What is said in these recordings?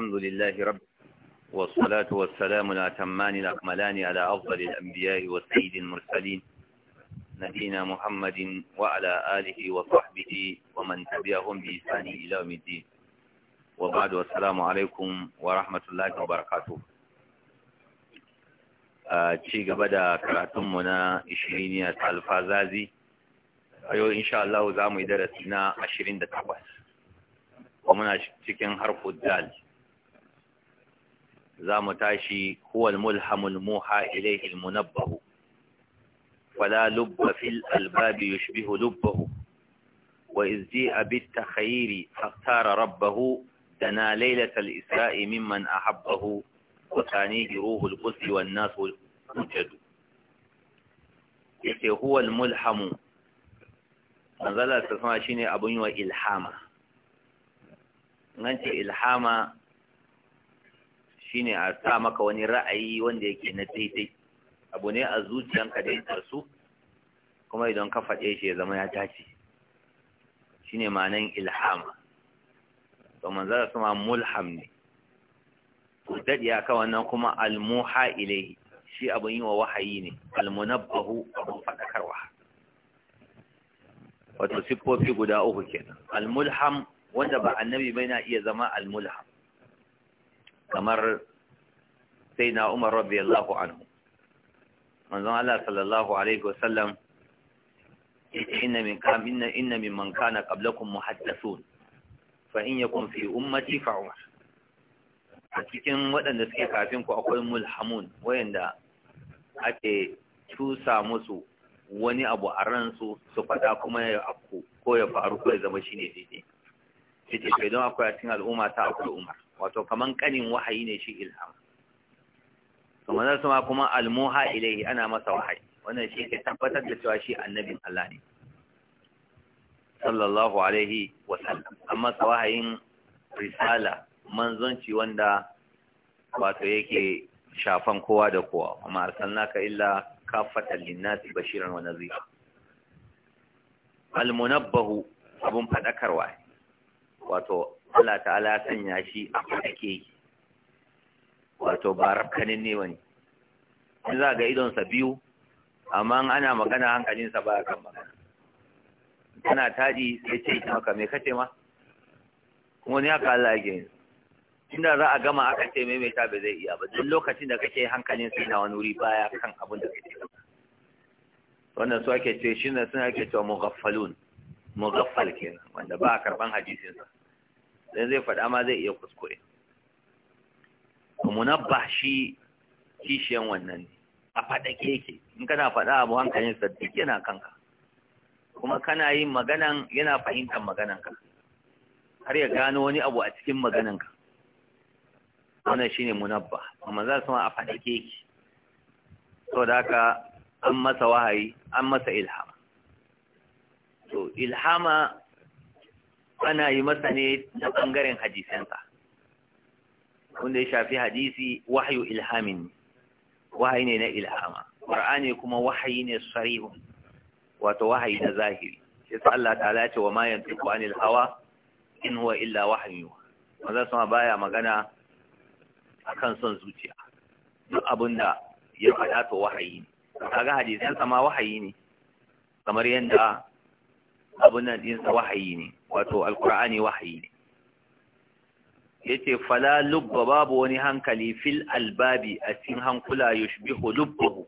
الحمد لله رب والصلاة والسلام الأتمان الأكملان على أفضل الأنبياء والسيد المرسلين نبينا محمد وعلى آله وصحبه ومن تبعهم بإحسان إلى يوم الدين وبعد والسلام عليكم ورحمة الله وبركاته ci gaba da karatunmu na ishiriniya ta alfazazi a yau insha Allah za mu yi darasi na ashirin da takwas kuma muna cikin harkar dal زامتاشي هو الملحم الموحى إليه المنبه فلا لب في الألباب يشبه لبه وإذ جيء بالتخير فاختار ربه دنا ليلة الإسراء ممن أحبه وثانيه روح القدس والناس مجد إذ هو الملحم من ظل أبو إلحامة نانتي إلحامة shine a sa maka wani ra'ayi wanda yake na daidai abu ne a zuciyanka da ya su kuma idan ka faɗe shi ya zama ya dace shine ma'anan ilhama to manzara kuma mulham ne to dadi aka wannan kuma almuha ilayhi shi abun yi wa wahayi ne almunabbahu abun fadakarwa wato siffofi guda uku kenan almulham wanda ba annabi bai na iya zama almulham kamar sai na umar radiyallahu anhu manzon Allah sallallahu alaihi wasallam inna min kam inna min mimman kana qablakum muhaddathun fa in yakun fi ummati fa umar a cikin waɗanda suke kafin ku akwai mulhamun wayanda ake cusa musu wani abu a ransu su faɗa kuma ya afku ko ya faru ko ya zama shi shine daidai ce, don akwai a cikin al'umma ta akwai umar wato kaman kanin wahayi ne shi ilham kuma nan sama kuma almuha ilaihi ana masa wahayi wannan shi ke tabbatar da cewa shi annabin Allah ne sallallahu alaihi wa sallam amma wahayin risala manzonci wanda wato yake shafan kowa da kowa amma arsalnaka illa kafatan linnasi bashiran wa nadhira almunabbahu abun fadakarwa wato Allah ta'ala sanya shi a ake yi wato ba rafkanin ne wani in za ga idonsa biyu amma ana magana hankalinsa ba kan magana tana taɗi sai ce maka mai kace ma Kuma ni haka Allah yake yin inda za a gama aka ce maimaita ba zai iya ba duk lokacin da kake hankalin sai na wani wuri baya kan abin da kake wannan su ake ce shi ne suna ake cewa mughaffalun mughaffal kenan wanda ba a karban hadisin sa dan zai faɗa ma zai iya kuskure munabba shi kishiyan wannan a faɗa keke in kana faɗa abu hankalin sa duk yana kanka kuma kana yin maganan yana fahimtar magananka har ya gano wani abu a cikin magananka wannan shine munabba amma za su ma a keke yake da haka an masa wahayi an masa ilhama to ilhama ana yi masa ne ta ɓangaren hadisansa wanda ya shafi hadisi wahyu ilhamin ne. wahayi ne na ilhama qur'ani kuma wahayi ne sarihun wato wahayi na zahiri sai Allah ta ce wa ma yantiqu anil hawa in huwa illa wahyu manzo sama baya magana akan son zuciya duk abinda ya faɗa to wahayi ne kaga hadisan sama wahayi ne kamar yadda abin nan din sa wahayi ne wato alqur'ani wahayi ne yace fala lubba babu wani hankali fil albabi a cikin hankula yushbihu lubbahu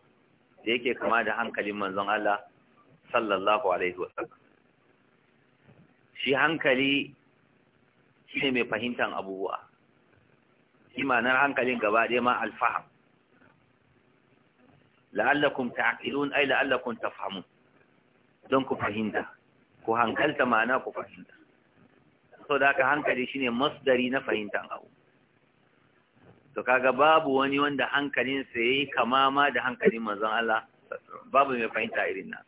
da yake kama da hankalin manzon Allah sallallahu alaihi wasallam shi hankali shine mai fahimtar abubuwa imanar hankalin gaba ɗaya ma alfaham la'allakum ta'qilun ay la'allakum tafhamun don ku fahimta ku hankalta ma'ana ku fahimta sau da aka hankali shine masdari na fahimtar abu to kaga babu wani wanda hankalinsa ya yi kama ma da hankalin manzon Allah babu mai fahimta irin nan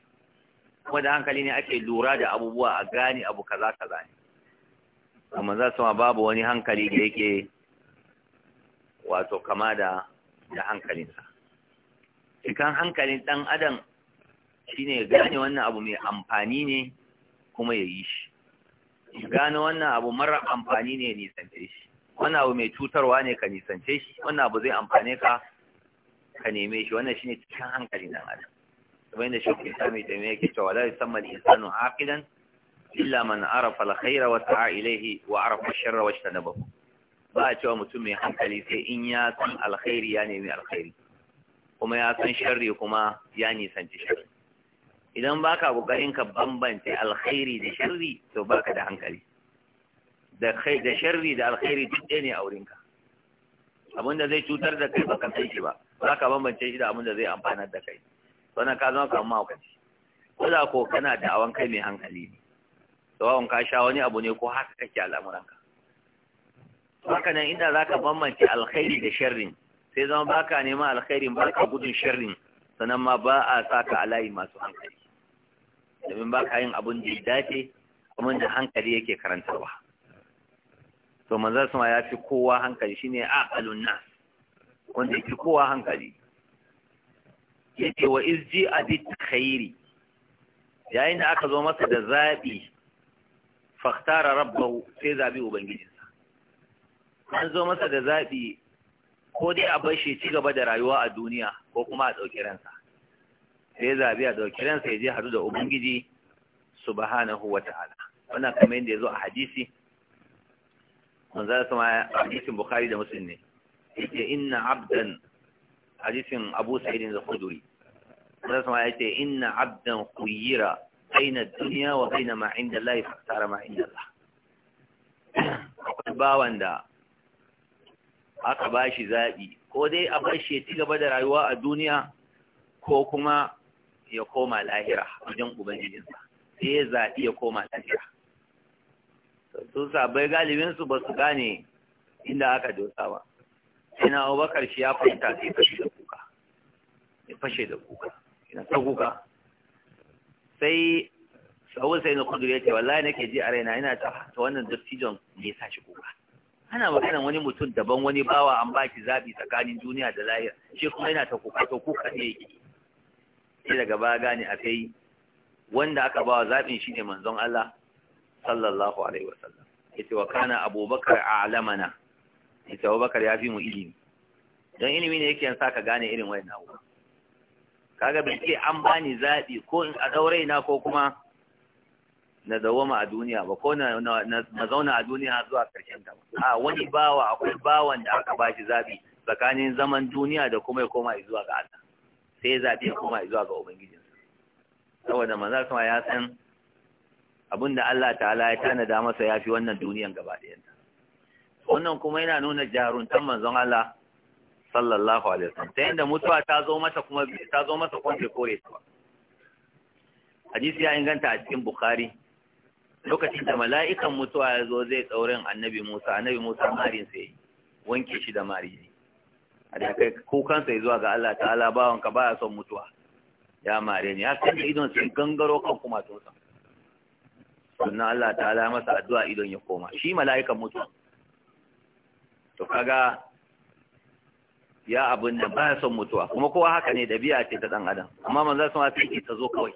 kuma da hankali ne ake lura da abubuwa a gane abu kaza kaza ne amma za su ma babu wani hankali da yake wato kama da da hankalinsa cikan hankalin dan adam shine gane wannan abu mai amfani ne kuma ya yi shi gano wannan abu mara amfani ne nisance shi wannan abu mai cutarwa ne ka nisance shi wannan abu zai amfane ka ka neme shi wannan shine cikin hankali dan adam kamar yadda shukri sami da me yake cewa la yusamma al-insanu aqilan illa man arafa al-khayra wa sa'a ilayhi wa arafa ash-sharra wa ijtanabahu ba a cewa mutum mai hankali sai in ya san alkhairi ya nemi alkhairi kuma ya san sharri kuma ya nisanci sharri idan baka kokarin ka bambance alkhairi da sharri to baka da hankali da kai da sharri da alkhairi duk ɗaya ne a wurinka abinda zai cutar da kai baka sai shi ba ka bambance shi da abinda zai amfanar da kai wannan ka zama kamar mahaukaci ko da ko kana da awan kai mai hankali ne tsawon ka sha wani abu ne ko haka kake al'amuranka haka nan inda zaka bambance alkhairi da sharrin sai zama baka neman alkhairin baka gudun sharrin sannan ma ba a saka layi masu hankali domin ba ka yin abin da ya dace kuma da hankali yake karantarwa to manzo ma ya fi kowa hankali shine aqalun na wanda yake kowa hankali ce wa izji abi khairi yayin da aka zo masa da zaɓi faktara rabba sai zaɓi ubangijinsa an zo masa da zaɓi ko dai a bashi ci gaba da rayuwa a duniya ko kuma a ɗauki ransa sai zabi a ɗauki ransa ya je hadu da ubangiji subhanahu wa ta'ala wannan kamar yadda ya zo a hadisi manzara sama hadisin bukhari da muslim ne yake inna abdan hadisin abu sa'idin zakhuduri manzara sama yake inna abdan khuyira baina ad-dunya wa baina ma 'inda Allah fa tara ma 'inda Allah akwai wanda da aka bashi zabi ko dai a bashi shi ya ci gaba da rayuwa a duniya ko kuma ya koma lahira wajen ubangijinsa sai ya zaɓi ya koma lahira su sabai galibinsu ba su gane inda aka dosa ba ina abubakar shi ya fahimta sai fashe da kuka ya fashe da kuka ina ta kuka sai sahun sai na kudu ya ce wallahi nake ji a raina ina ta wannan dattijon ne ya sa shi kuka ana maganin wani mutum daban wani bawa an baki zaɓi tsakanin duniya da lahira shi kuma yana ta kuka to kuka ne yake sai daga baya gane a kai wanda aka ba wa zaɓin shi ne manzon Allah sallallahu alaihi wasallam yace wa kana abubakar a'lamana Ita abubakar ya fi mu ilimi don ilimi ne yake sa ka gane irin wayan abubuwa kaga bai ce an bani zaɓi ko in a daure na ko kuma na dawoma a duniya ba ko na zauna a duniya zuwa ƙarshen ta a wani bawa akwai bawan da aka ba shi zaɓi tsakanin zaman duniya da kuma ya koma zuwa ga Allah sai ya zaɓi ya koma zuwa ga ubangijinsa saboda manzon sama ya san abin da Allah ta'ala ya tanada masa ya fi wannan duniyan gaba ɗayanta wannan kuma yana nuna jaruntan manzon Allah sallallahu alaihi wasallam ta yadda mutuwa ta zo mata kuma ta zo masa kwanke kore ta hadisi ya inganta a cikin bukhari lokacin da mala'ikan mutuwa ya zo zai tsaurin annabi musa annabi musa ya yi, wanke shi da marini da kai kukansa ya zuwa ga Allah ta'ala bawanka ka baya son mutuwa ya mare ni ya san da idon sai gangaro kan kuma tunsa sannan Allah ta'ala masa addu'a idon ya koma shi mala'ikan mutu. to kaga ya abin da baya son mutuwa kuma kowa haka ne da biya ce ta dan adam amma manzo sun sai ta zo kawai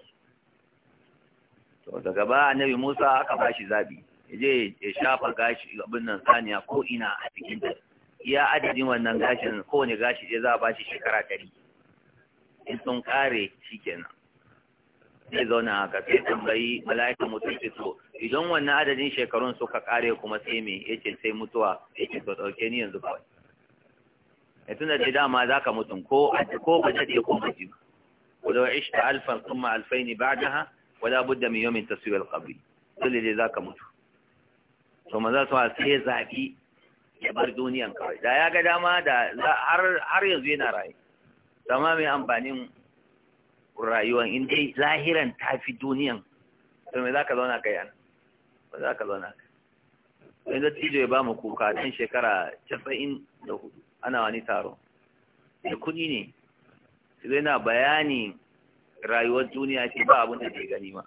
to daga ba annabi Musa aka bashi zabi je ya shafa gashi abin nan saniya ko ina a cikin dare. Ya adadin wannan gashin kowane gashi zai za a ba shi shekara ɗari in sun ƙare shi kenan zai zauna haka sai tambayi mala'ika mutum ce to idan wannan adadin shekarun suka ƙare kuma sai me ce sai mutuwa ce to ɗauke ni yanzu kawai ya tuna da dama za ka mutum ko ko ba ta ko ba ji ko da ish ta alfan kuma alfaini ba'daha wala budda min yawmin taswiyal qabri dole dai za ka mutu to maza su sai zaɓi ya bar duniyan kawai da ya ga dama da har yanzu yana rayu zama mai amfanin rayuwan in dai lahiran ta fi duniyan to me za ka zauna kai ana, ba za ka zauna kai da tijo ya ba mu kuka tun shekara casa'in da hudu ana wani taro da kuɗi ne su zai na bayani rayuwar duniya ce ba abin da ke gani ma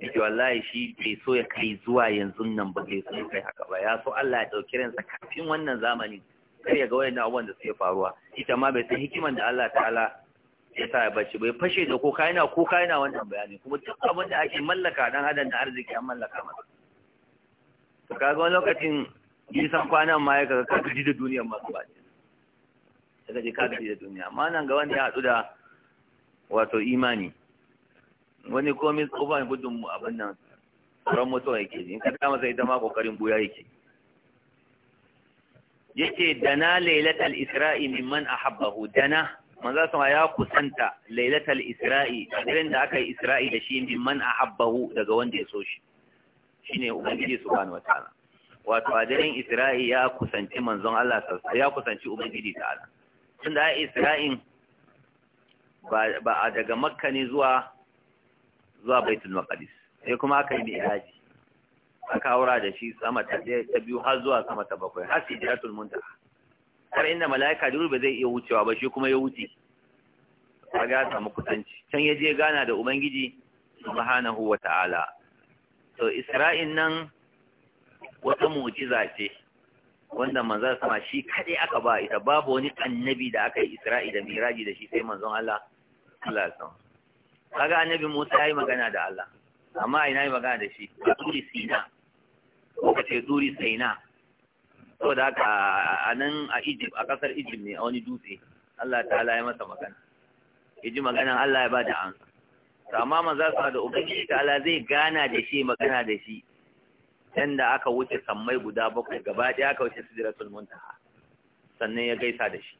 yake wallahi shi bai so ya kai zuwa yanzu nan ba bai so ya kai haka ba ya so Allah ya dauki ransa kafin wannan zamani. sai ya ga wannan abubuwan da suke faruwa ita ma bai san hikiman da Allah ta'ala ya sa ya bace bai fashe da ko kaina ko kaina wannan bayani kuma duk abin da ake mallaka dan adam da arziki an mallaka masa to kaga wani lokacin nisan kwanan ma ya kaga ka gaji da duniya masu ba daga je ka gaji da duniya amma nan ga wanda ya haɗu da wato imani wani komi tsofa ne gudun mu abin nan tsoron mutuwa yake in ka dama sai ita ma kokarin buya yake yake dana lailatul isra'i mimman ahabbahu dana za su ya kusanta lailatul isra'i irin da aka yi isra'i da shi mimman ahabbahu daga wanda ya so shi shine ubangiji subhanahu wataala wato a daren isra'i ya kusanci manzon Allah ya kusanci ubangiji ta'ala tunda isra'in ba ba daga makka ne zuwa zuwa baitul maqdis sai kuma aka yi mi'raji aka haura da shi sama ta ta biyu har zuwa sama ta bakwai har sidratul muntaha har inda mala'ika duru ba zai iya wucewa ba shi kuma ya wuce kaga ya samu kusanci can ya je gana da ubangiji subhanahu wa ta'ala to isra'in nan wata mu'jiza ce wanda manzon sama shi kaɗai aka ba ita babu wani annabi da aka yi isra'i da miraji da shi sai manzon Allah sallallahu alaihi wasallam kaga annabi Musa yayi magana da Allah amma ina yi magana da shi a turi sina ko ka ce turi sina to da haka a nan a Egypt a kasar Egypt ne a wani dutse Allah ta'ala ya masa magana yaji magana Allah ya bada ansa to amma manzo sa da ubangiji ta'ala zai gana da shi magana da shi dan da aka wuce sammai guda bakwai gaba daya aka wuce sidratul muntaha sannan ya gaisa da shi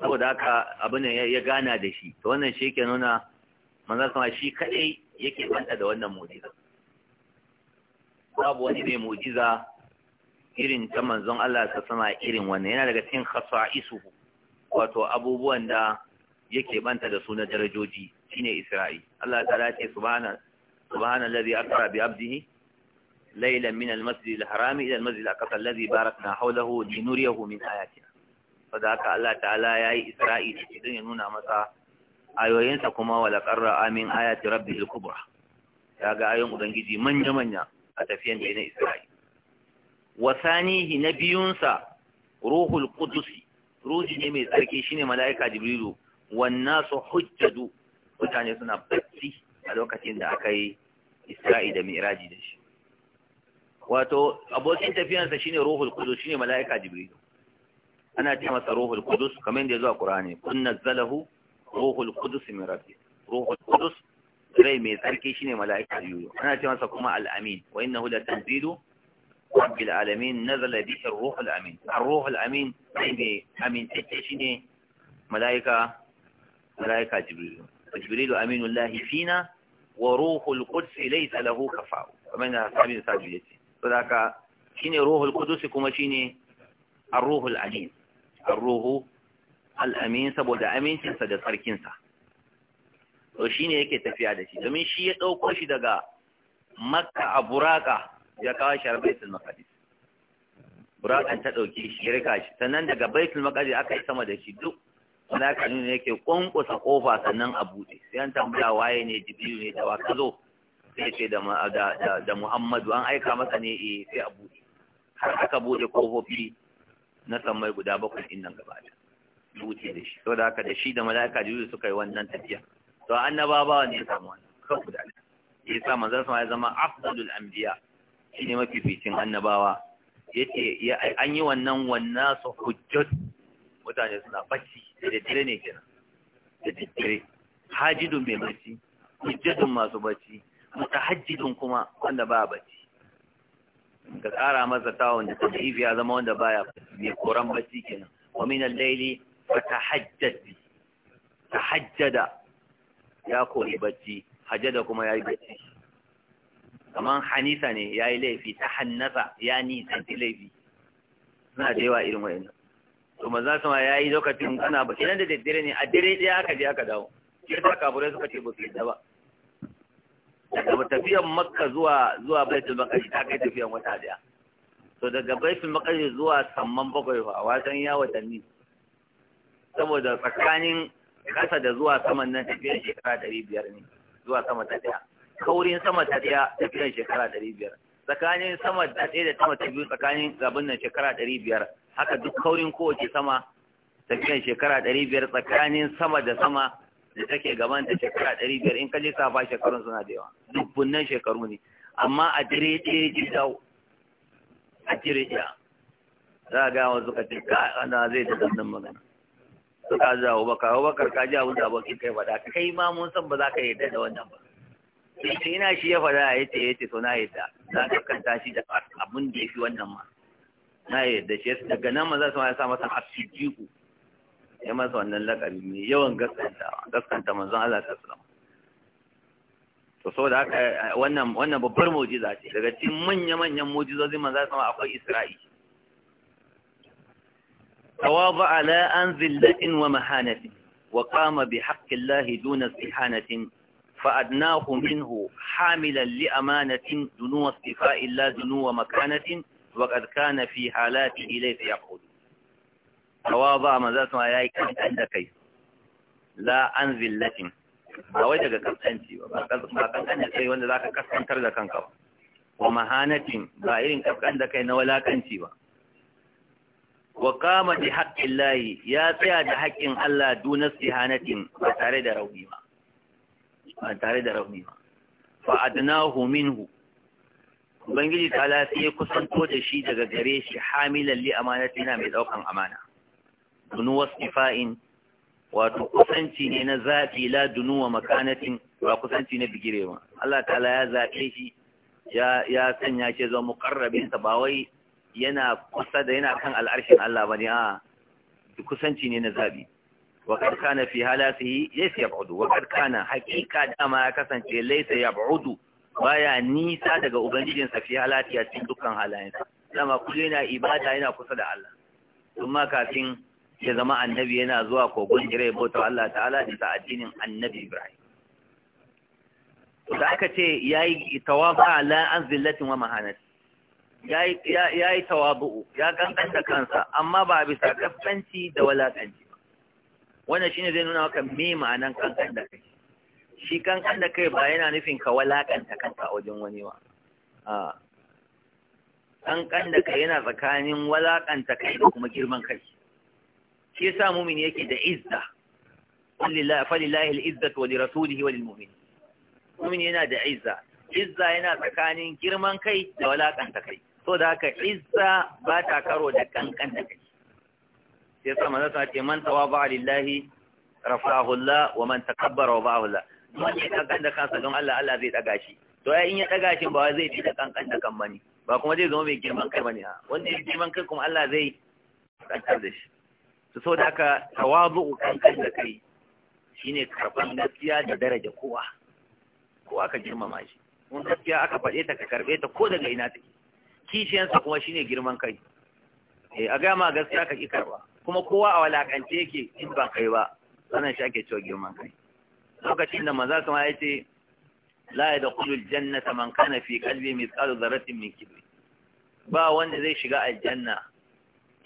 saboda haka abin da ya gana da shi to wannan shi yake nuna manzon sama shi kade yake banta da wannan mu'jiza babu wani mai mu'jiza irin ta manzon Allah ta sama irin wannan yana daga cikin khasa'isuhu wato abubuwan da yake banta da su na darajoji shine Isra'i Allah ta'ala ce subhana subhana allazi asra bi abdihi laylan min al-masjid al-harami ila al-masjid al-aqsa allazi barakna hawlahu linuriyahu min ayatina saboda haka Allah ta'ala ya yi Isra'ila idan ya nuna masa ayoyinsa kuma wala qarra amin ayati al kubra ya ga ayoyin ubangiji manya manya a tafiyan da na Isra'ila. wa sanihi na biyunsa ruhul qudus ruhi ne mai tsarki shine mala'ika jibrilu wan nasu hujjadu mutane suna bacci a lokacin da aka yi da mi'raji da shi wato abokin tafiyansa shine ruhul qudus shine mala'ika jibrilu أنا أتحمس روح القدس كمان دي ذو قرآني قل نزله روح القدس من ربي روح القدس غير ميزان كيشيني ملائكة يويو أنا أتحمس كما الأمين وإنه لتنزيل رب العالمين نزل بيش الروح الأمين الروح الأمين تيمي أمين تيشيني ملائكة ملائكة جبريل وجبريل أمين الله فينا وروح القدس ليس له كفاء فمن أصحابين سعجلتي فذاك شيني روح القدس كما شيني الروح الأمين ar-ruhu al saboda amincinsa da sarkinsa shi ne yake tafiya da shi domin shi ya ɗauko shi daga makka a buraka ya kawo shi har baitul maqdis burakan ta ɗauki shi ya rika shi sannan daga baitul maqdis aka yi sama da shi duk wanda aka nuna yake kunkusa ƙofa sannan a buɗe. sai an tambaya waye ne jibilu ne da wa ka zo sai ce da Muhammadu an aika masa ne eh sai a buɗe? har aka buɗe kofofi na samai guda bakwai din nan gaba da wuce da shi saboda haka da shi da mala'ika jibril suka yi wannan tafiya to annaba ba wanda ya samu wannan kan guda da sa manzon sama ya zama afdalul anbiya shine mafificin annabawa yace an yi wannan wannan su hujjat mutane suna bacci da daddare ne kenan da daddare hajidun mai bacci hujjatun masu bacci mutahajjidun kuma wanda ba bacci ka kara masa tawon da tadif ya zama wanda baya mai koran bacci kenan wa min al-layli fatahajjad bi tahajjada ya kori bacci hajjada kuma yayi bacci kaman hanisa ne yayi laifi tahannasa ya nisanci laifi suna da yawa irin wayannan to maza ya yayi lokacin kana ba idan da daddare ne a dare ɗaya aka je aka dawo sai da kafurai suka ce ba su yadda ba daga tafiyan makka zuwa zuwa baitul maqdis ta kai tafiyan wata daya to daga baitul maqdis zuwa samman bakwai fa wasan ya watanni saboda tsakanin kasa da zuwa saman nan tafiyan shekara ɗari biyar ne zuwa sama ta daya kaurin sama ta daya tafiyan shekara ɗari biyar tsakanin sama ta daya da sama ta biyu tsakanin gaban nan shekara ɗari biyar haka duk kaurin kowace sama tafiyan shekara ɗari biyar tsakanin sama da sama da take gaban da shekara ɗari biyar in ka safa shekarun suna da yawa dubbunan shekaru ne amma a dire ɗaya ji dawo a dire ɗaya za a gaya wasu kace ka ana zai da zannan magana suka ji abu bakar abu bakar ka ji abu da abokin kai faɗa kai ma mun san ba za ka yarda da wannan ba sai ina shi ya faɗa ya ce ya ce so na yarda za ka kanta shi da abun da ya fi wannan ma na yarda shi daga nan ma za su ma ya sa masa asijiku ya masa wannan lakabi ne yawan gaskanta gaskanta manzon Allah ta sallama to da haka wannan wannan babbar mu'jiza ce daga cikin manya-manyan mu'jizozin manzon sama akwai Isra'i تواضع لا عن ذلة ومهانة وقام بحق الله دون استحانة فأدناه منه حاملا لأمانة دنو اصطفاء makanatin, دنو مكانة وقد كان في حالاته ليس يقول tawaba manzo sama yayi kankan da kai la an zillatin ba wai daga kaskanci ba ba kankan da kai wanda zaka kaskantar da kanka ba wa mahanatin ba irin kaskan da kai na walakanci ba wa qama bi haqqillahi ya tsaya da haƙƙin Allah duna sihanatin ba tare da rauni ba ba tare da rauni ba fa adnahu minhu ubangiji ta lafiye kusanto da shi daga gare shi hamilan li amanatina mai daukan amana dunuwa stifa'in wato kusanci ne na zafi la dunuwa makanatin ba kusanci na bigirewa Allah ta'ala ya zaɓe shi ya sanya shi zama muqarrabinsa ba wai yana kusa da yana kan al'arshin Allah ne a kusanci ne na zabi wa kad kana fi halatihi laysa yab'udu wa kad kana haqiqa dama ya kasance laysa yab'udu baya nisa daga ubangijin sa fi halatiya cikin dukkan halayensa dama kullu yana ibada yana kusa da Allah kuma kafin ya zama annabi yana zuwa kogon jirai bautar Allah ta'ala da ta addinin annabi Ibrahim da aka ce ya tawafa tawabu ala an zillatin wa mahanar, Ya yi tawabu ya kankanta kansa amma ba bisa kafanci da walakanci wannan ne zai nuna waka me ma'anan kankan da kai shi kankan da kai ba yana nufin ka walakanta kanka a wajen wani wa. kankan da kai yana tsakanin walakanta kai da kuma girman kai shi yasa mumin yake da izza wallahi falillahi al-izzatu wa wa lilmu'min mumin yana da izza izza yana tsakanin girman kai da walakanta kai so da haka izza ba ta karo da kankan da kai sai yasa manzo sa ce man tawaba lillahi rafa'ahu Allah wa man takabbara wa ba'ahu Allah wanda ya kankan da kansa don Allah Allah zai daga shi to ya in ya daga shi ba zai fi da kankan da kan bane ba kuma zai zama mai girman kai bane ha wanda ya girman kai kuma Allah zai kantar da shi to da aka tawazu kankan da kai shine karban gaskiya da daraja kowa kowa ka girmama shi kuma gaskiya aka faɗe ta ka karɓe ta ko daga ina take kishiyansa kuma shine girman kai eh a gama gaskiya ka ƙi karba kuma kowa a walakance yake in ba kai ba sanan shi ake cewa girman kai lokacin da maza kuma ya ce la ya da kulul ta man kana fi kalbi tsaro zarafin min kibri ba wanda zai shiga aljanna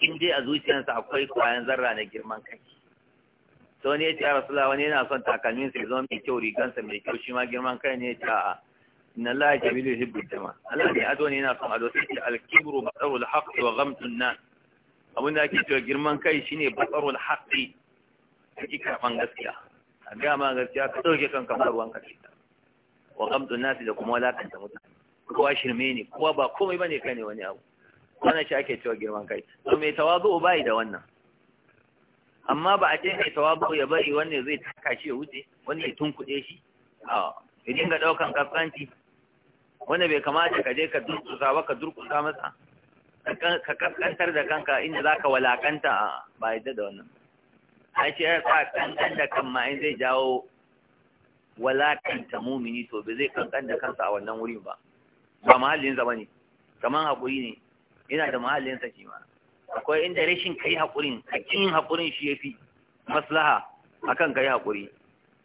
in dai a zuciyarsa akwai kwayan zarra na girman kai to wani ya ce a rasu wani yana son takalmin sai zama mai kyau rigansa mai kyau shi ma girman kai ne ya ce a inna allaha jamilu yuhibbu jama Allah ne ado ne yana son ado sai ce al-kibru batarul haqqi wa ghamtun nan. abin da ake cewa girman kai shine batarul haqqi kake karban gaskiya a ga ma gaskiya ka dauke kan kamar ruwan kashi wa ghamtun nas da kuma ta mutane kowa shirme ne kowa ba komai bane kai ne wani abu wannan shi ake cewa girman kai to mai tawazu bai da wannan amma ba a ce mai tawazu ya bari wannan zai taka shi ya wuce Wannan ya tunkuɗe shi a ya dinga ɗaukan kaskanci Wannan bai kamata ka je ka durkusa ba ka durkusa masa ka kaskantar da kanka inda za ka walakanta ba yadda da wannan a ce ya sa kankan da kan ma'in zai jawo walakanta mumini to bai zai kankan da kansa a wannan wurin ba ba mahallin zama ne kamar haƙuri ne yana da mahallinsa shi ma akwai inda rashin kai haƙurin hakkin haƙurin shi ya fi maslaha akan kai haƙuri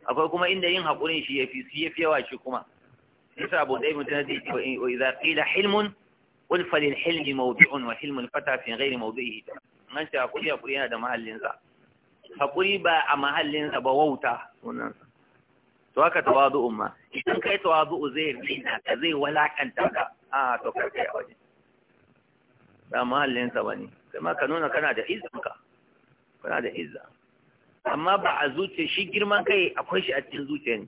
akwai kuma inda yin haƙurin shi ya fi su ya fi yawa shi kuma yasa abu ɗaya mutum zai ce wa idza qila hilmun qul fa lil hilmi mawdi'un wa hilmul fata fi ghairi mawdi'ihi nan ce haƙuri haƙuri yana da mahallinsa haƙuri ba a mahallinsa ba wauta sunan to haka tawazu'un ma idan kai tawadu'u zai rina ka zai walakanta ka a ah, to kai a wajen Da mahallinsa ba ne sai ma ka nuna kana da izinka. kana da izza amma ba a zuciya shi girman kai akwai shi a cikin zuciya ne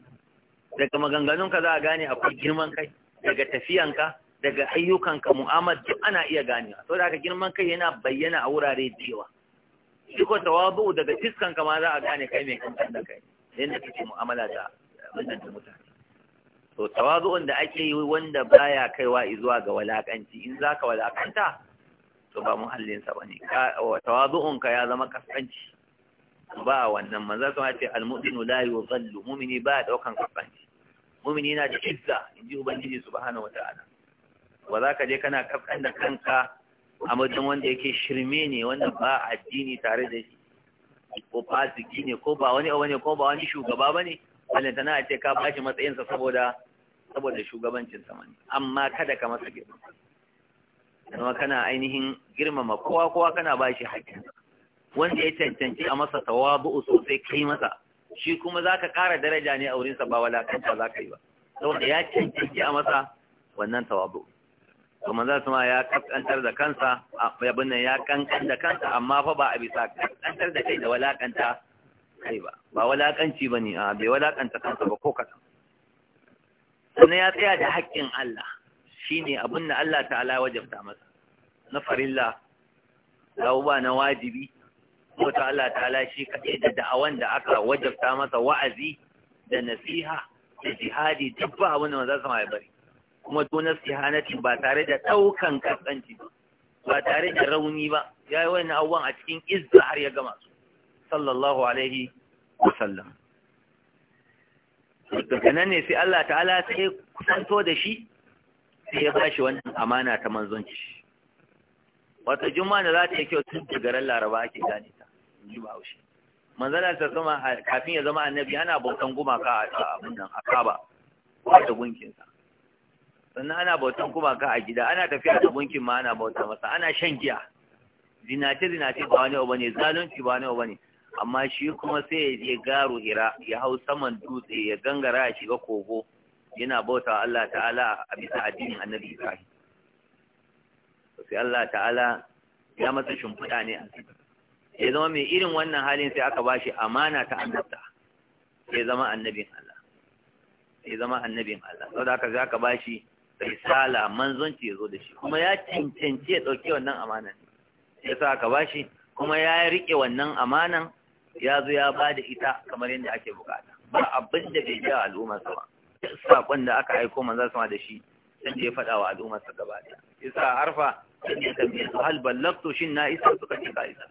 daga maganganunka za a gane akwai girman kai daga tafiyanka daga ayyukanka mu'amal? duk ana iya gane. to da ka girman kai yana bayyana a wurare da yawa shi ko tawabu daga fiskanka ma za a gane kai mai kankan da kai yadda kake mu'amala da wannan mutane to tawazu'un da ake yi wanda baya kaiwa zuwa ga walakanci in zaka walakanta to ba muhallinsa ba ne tawazu'unka ya zama kaskanci ba wannan manzo kuma ce almu'minu la yuzallu mu'mini ba ɗaukan kaskanci mu'mini na da izza inji ubangiji subhanahu wata'ala ba za ka je kana kaskan da kanka a mutum wanda yake shirme ne wanda ba addini tare da shi ko fasiki ne ko ba wani ne ko ba wani shugaba bane Wannan tana ce ka bashi matsayinsa saboda saboda shugabancin sa amma kada ka masa girma kuma kana ainihin girmama kowa kowa kana ba shi haƙƙi wanda ya cancanci a masa tawabu sosai kai masa shi kuma zaka ƙara daraja ne a wurin sa ba walakanta zaka yi ba saboda ya cancanci a masa wannan tawabu to za su ma ya kaskantar da kansa ya bin ya kankan da kansa amma fa ba a bisa kaskantar da kai da walakanta kai ba ba walakanci bane a bai walakanta kansa ba ko kasan sannan ya tsaya da haƙƙin Allah shine abun da Allah ta'ala wajabta masa na farilla ba na wajibi ko ta Allah ta'ala shi kaɗai da da'awan da aka wajabta masa wa'azi da nasiha da jihadi duk ba abin da maza su ma bari kuma donar sihanati ba tare da ɗaukan kaskanci ba tare da rauni ba ya yi wani abubuwan a cikin izza har ya gama su sallallahu alaihi sallam. daga nan ne sai Allah ta'ala sai kusanto da shi sai ya bashi wannan amana ta manzonci wato juma'a da za ta yi kyau tun da garin laraba ake gane ta ji ba haushi manzala ta zama kafin ya zama annabi ana bautan gumaka a abun nan a kaba gunkin sa sannan ana bautan gumaka a gida ana tafiya da gunkin ma ana bauta masa ana shan giya zinace zinace ba wani abu ne zalunci ba wani abu ne amma shi kuma sai ya je garo hira ya hau saman dutse ya gangara ya shiga kogo yana bauta Allah ta'ala a bisa addinin annabi Ibrahim sai Allah ta'ala ya masa shimfiɗa ne ya zama mai irin wannan halin sai aka bashi amana ta annabta Ya zama annabin Allah Ya zama annabin Allah saboda haka sai aka bashi risala manzonci ya zo da shi kuma ya cancanci ya ɗauki wannan amanan ya sa aka bashi kuma ya riƙe wannan amanan ya zo ya ba da ita kamar yadda ake bukata ba abin da bai ji al'ummar sa ba saƙon da aka aiko manzo sama da shi da ya fada wa sa gaba da isa arfa dan ya tambaye su hal ballagtu shin na isa suka ce ka isa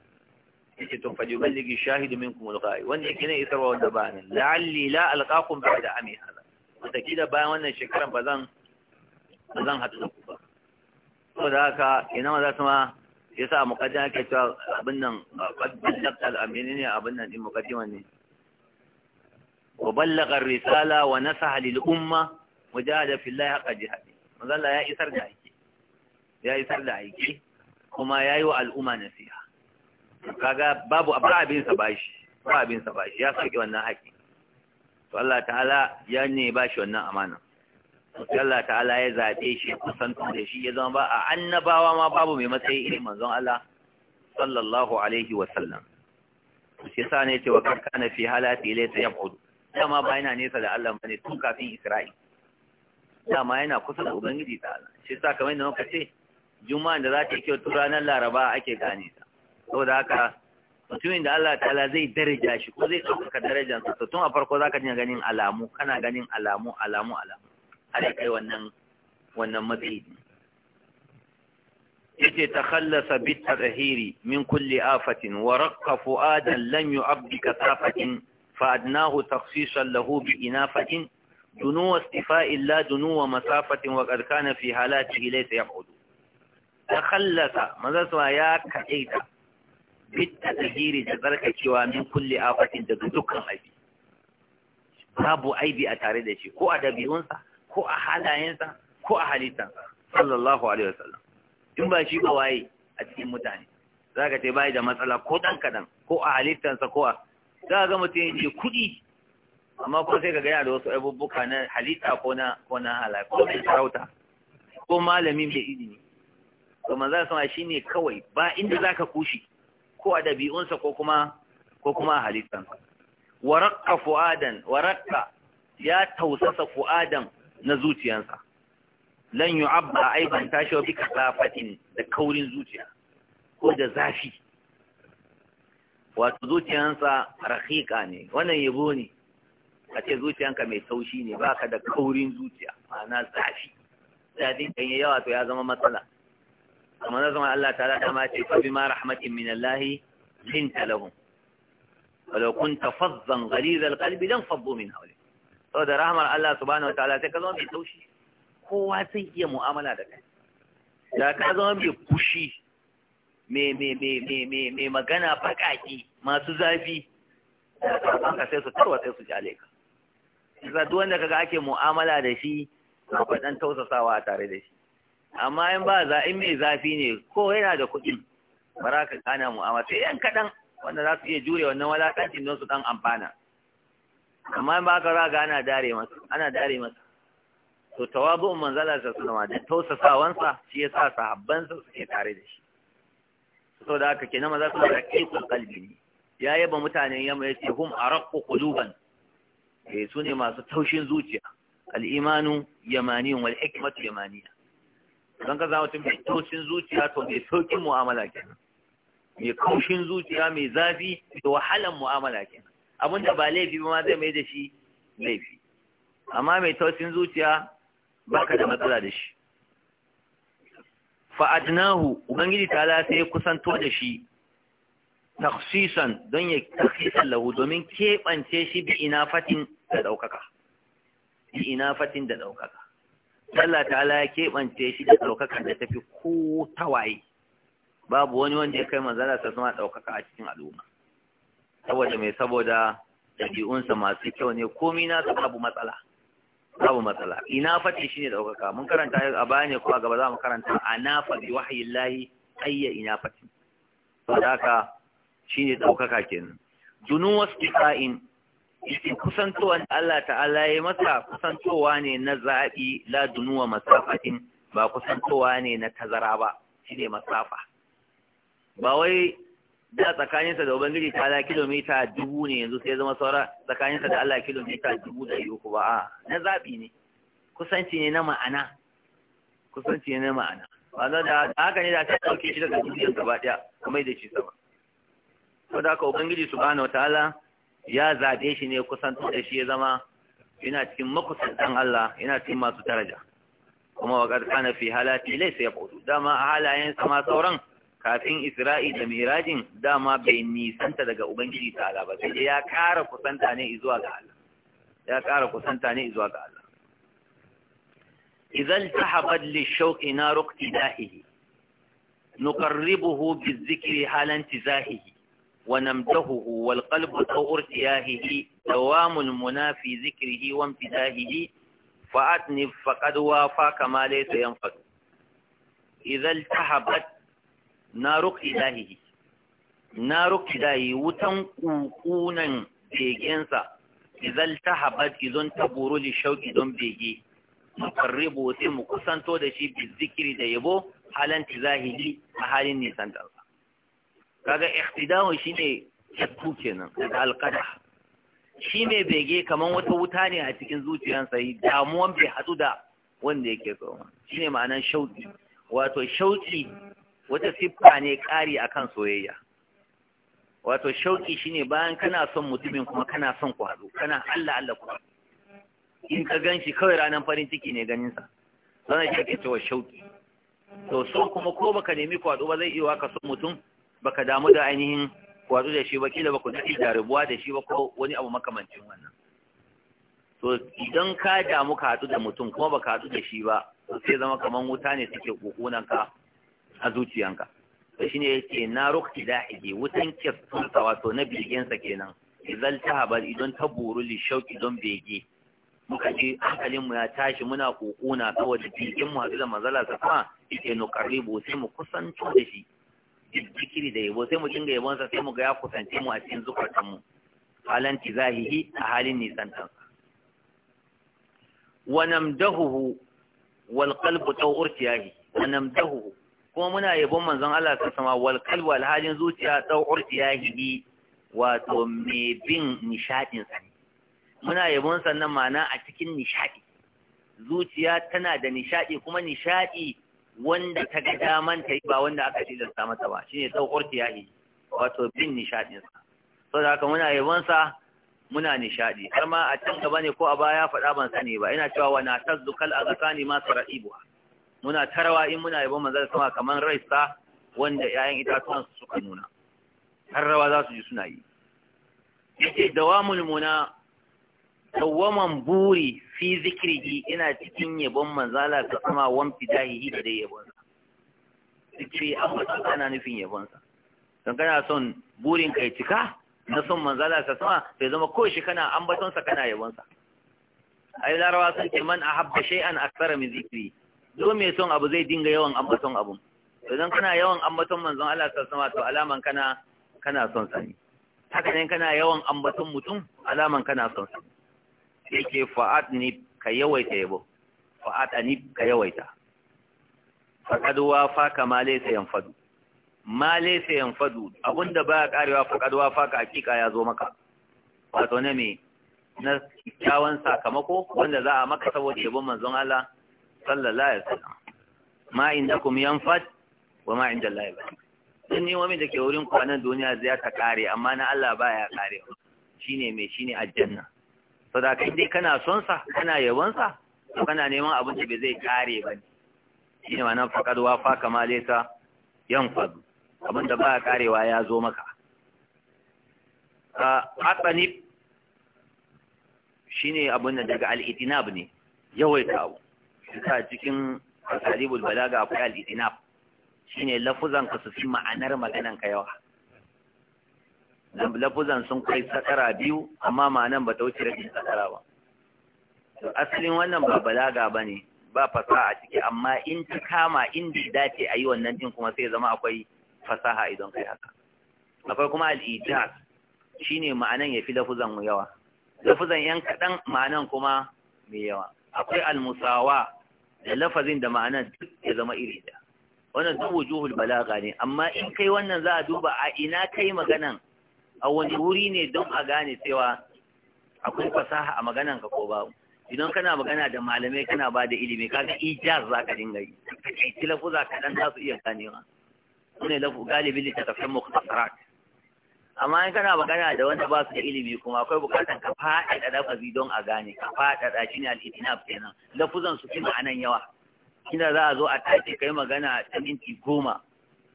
yake to falyuballigi shahid minkum alqa'i wanda yake ne isarwa wanda ba nan la'alli la alqaqum ba'da ami hada wanda kida bayan wannan shekaran ba zan hadu da ku ba saboda haka ina ma za su ma yasa muqaddima ke cewa abin nan qaddalta al-aminin abin nan din muqaddima ne وبلغ الرسالة ونصح للأمة وجاهد في الله حق جهاده manzon Allah ya isar da aiki ya isar da aiki kuma yayi wa al'umma nasiha kaga babu abin sa bashi ba sa bashi wannan haƙi to Allah ta'ala ya ne bashi wannan amana sai ta'ala ya zabe shi kusanto da shi ya zama ba a annabawa ma babu mai matsayi irin manzon Allah sallallahu alaihi wa sallam shi sa ne ce wa kana fi halati ilaysa yab'ud dama ba yana nesa da Allah bane tun kafin Isra'il dama yana kusa da Ubangiji ta Allah shi yasa kamar yadda muka ce juma'a da za ta yi kyau tun ranar Laraba ake gane ta saboda haka mutumin da Allah ta'ala zai daraja shi ko zai ɗaukaka darajar sa tun a farko za ka dinga ganin alamu kana ganin alamu alamu alamu har ya kai wannan wannan matsayi yace khallasa bi tahiri min kulli afatin wa raqqa fu'adan lam yu'abbi kasafatin فأدناه تخصيصا له بإنافة دنو استفاء لا دنو مسافة وقد كان في حالاته ليس يقعد تخلص ماذا سوى يا كأيت بالتغيير تذرك من كل آفة تدك أيدي babu aibi a tare da shi ko a dabi'unsa ko a halayensa ko a halittansa sallallahu alaihi wasallam in ba shi ba waye a cikin mutane ka ce bai da matsala ko dan kadan ko a halittansa ko a za ga mutum ya ce kuɗi amma kuma sai ka gaya da wasu abubuwa na halitta ko na ko na ko na sarauta ko malamin da izini to ma sama ne kawai ba inda za ka kushi ko a dabi'unsa ko kuma ko kuma halittan waraqqa fuadan ya tausasa fuadan na zuciyansa lan yu'abba aiban tashi bi kasafatin da kaurin zuciya ko da zafi wato zuciyansa rahiqa ne wannan yabo ne a ce zuciyanka mai taushi ne baka da kaurin zuciya ma'ana zafi zafin kan yi yawa to ya zama matsala amma na zama Allah ta'ala ta ma ce fa bima rahmatin min Allah linta lahum walau kunta fazzan ghaliz alqalbi lan fadu min hawli saboda rahmar Allah subhanahu wataala sai ka zama mai taushi kowa sai iya mu'amala da kai da ka zama mai kushi me me me me me me magana bakaki masu zafi ka sai su tarwa sai su jale ka za duk wanda kaga ake mu'amala da shi akwai dan tausasawa a tare da shi amma in ba za in mai zafi ne ko yana da kuɗi ba za ka kana mu'amala sai yan kaɗan wanda za su iya jure wannan walakancin don su dan amfana amma in ba ka za ga ana dare masa ana dare masa to tawabu manzala alaihi wasallam da tausasawansa shi yasa sahabbansa suke tare da shi aka ke na maza su da kekul kalbi ne ya yaba mutanen yamma ya ce hum a araqqu quluban eh su ne masu taushin zuciya al'imanu imanu yamaniyun wal hikmatu yamaniya dan ka zama mutum mai taushin zuciya to mai sauƙin mu'amala kenan mai kaushin zuciya mai zafi da wahalan mu'amala kenan abinda ba laifi ba ma zai mai da shi laifi amma mai taushin zuciya baka da matsala da shi fa'adnahu ubangiji ta ya kusanto da shi taksisan don ya taksisan lahu domin keɓance shi bi ina fatin da ɗaukaka bi ina fatin da ɗaukaka Allah ta'ala ya keɓance shi da ɗaukaka da tafi ko tawaye babu wani wanda ya kai manzala sa suna ɗaukaka a cikin al'umma saboda mai saboda ɗabi'unsa masu kyau ne komi na babu matsala babu matsala ina fati shine daukaka mun karanta a baya ne ko gaba za mu karanta ana fa bi wahyillahi ayya ina fati to shine daukaka kenan dunu wasqa'in yake kusantowa Allah ta'ala ya masa kusantowa ne na zaɓi la dunuwa masafatin ba kusantowa ne na tazara ba shine masafa ba wai da tsakaninsa da ubangiji ta ala kilomita dubu ne yanzu sai zama saura tsakaninsa da Allah kilomita dubu da uku ba a na zaɓi ne kusanci ne na ma'ana kusanci ne na ma'ana wanda da haka ne da ta ɗauke shi daga duniyar gaba ɗaya kuma da shi sama Ko da haka ubangiji subhanahu ta'ala ya zaɓe shi ne kusantar da shi ya zama yana cikin makusantan Allah yana cikin masu daraja kuma wa qad kana fi halati laysa yaqutu dama a halayen sama sauran kafin isra'i da mirajin dama bai nisanta daga ubangiji ta'ala ba sai ya kara kusanta ne zuwa ga Allah ya kara kusanta ne zuwa ga Allah idan tahabat li shauqi nar iqtidahi nuqarribuhu bizikri halan tizahihi wa namdahu wal qalbu tawr tiyahihi dawamul munafi zikrihi wa imtidahihi fa'atni faqad wafa kama laysa yanfad idan tahabat naruk na naruk ilahihi wutan ƙuƙunan begensa izal ta haɓar izon ta buru shauƙi don bege mukarribu sai mu kusanto da shi bi zikiri da yabo halan tizahihi a halin nisan dansa kaga ikhtidahu ne yakku kenan da alƙada. shi mai bege kamar wata wuta ne a cikin zuciyarsa damuwan bai hadu da wanda yake so ne ma'anar shauƙi wato shauƙi. wata siffa ne ƙari akan soyayya wato shauƙi shine bayan kana son mutumin kuma kana son ku haɗu kana Allah Allah ku in ka ganshi kawai ranar farin ciki ne ganin sa zan ce ke cewa shauƙi to so kuma ko baka nemi ku haɗu ba zai iya ka son mutum baka damu da ainihin ku haɗu da shi ba kila ba ku daɗi da rabuwa da shi ba ko wani abu makamancin wannan to idan ka damu ka haɗu da mutum kuma baka haɗu da shi ba sai zama kamar wuta ne suke ƙoƙonan ka a zuciyanka to shine yace na rukti dahi wutan kirtunsa wato na bilgensa kenan idan ta haɓar idan ta buru li shauki don bege muka ji hankalin mu ya tashi muna kokona saboda bilgin mu da manzala sa fa yake no karibu sai mu kusanto da shi zikiri da yabo sai mu dinga yabon sa sai mu ga ya kusance mu a cikin zukatan mu halan tizahihi a halin nisantan wa namdahu wal qalbu tawurtiyahi wa namdahu kuma muna yabon manzon Allah ta sama wal kalbu alhalin zuciya ya hidi wato me bin nishadin sa ne muna yabon sannan ma'ana a cikin nishadi zuciya tana da nishadi kuma nishadi wanda ta ga daman ta yi ba wanda aka tilasta mata ba shine ya hidi wato bin nishadin sa saboda haka muna yabon sa muna nishadi har ma a can gaba ne ko a baya faɗa ban sani ba ina cewa wa na tazdukal azkani ma sara'ibuha muna tarawa in muna yabon manzon sama kamar raisa wanda 'ya'yan itatuwan su suka nuna har rawa za su ji suna yi yake dawamul muna dawaman buri fi zikrihi ina cikin yabon manzala ta sama wan fidahihi da dai yabon sa zikri amma ana nufin yabon sa dan kana son burin kai cika na son manzala ta sama sai zama ko shi kana ambaton sa kana yabon sa ai larawa sun ce man ahabba shay'an akthara min zikri zo mai son abu zai dinga yawan ambaton abu. idan kana yawan ambaton manzon Allah sallallahu alaihi wasallam to alaman kana kana son sa ne haka ne kana yawan ambaton mutum alaman kana son sa yake fa'at ni ka yawaita yabo fa'at ani ka yawaita faqad wa fa kama laysa yanfadu ma laysa yanfadu abunda ba karewa faqad wa fa ka hakika ya zo maka wato ne me na kyawun sakamako wanda za a maka saboda yabon manzon Allah sallallahu alaihi wasallam ma indakum yanfad wa ma inda Allah ba sun ni wani da ke wurin kwanan duniya zai ta kare amma na Allah ba ya kare Shi ne mai shi ne shine aljanna saboda kai dai kana son sa kana yawan sa kana neman abin da bai zai kare ba ne. ma nan faqad wa fa kama laysa yanfad abin da baya karewa ya zo maka a ah, atani shine abin da daga al-itinab ne Yawai abu yasa cikin asalibul balaga akwai al-idinab shine lafuzan ka su fi ma'anar maganan ka yawa lafuzan sun kai sakara biyu amma ma'anan ba ta wuce rashin sakara ba to asalin wannan ba balaga bane ba fasaha a ciki amma in ta kama in dace a yi wannan din kuma sai zama akwai fasaha idan kai haka akwai kuma al-ijaz shine ma'anan ya fi lafuzan yawa lafuzan yan kadan ma'anan kuma mai yawa akwai al-musawa da lafazin da ma'anan duk ya zama iri da wannan duk wujuhul balaga ne amma in kai wannan za a duba a ina kai maganan a wani wuri ne don a gane cewa akwai fasaha a maganan ka ko ba idan kana magana da malamai kana ba da ilimi kaga ijaz za ka dinga yi kai tilafu ka dan za su iya ganewa ne lafu galibin littattafan muktasarat amma in kana magana da wanda ba su da ilimi kuma akwai bukatan ka faɗaɗa lafazi don a gane ka faɗaɗa shi ne al'itinaf kenan lafuzan su fi ma'anan yawa kina za a zo a tace kai magana ta minti goma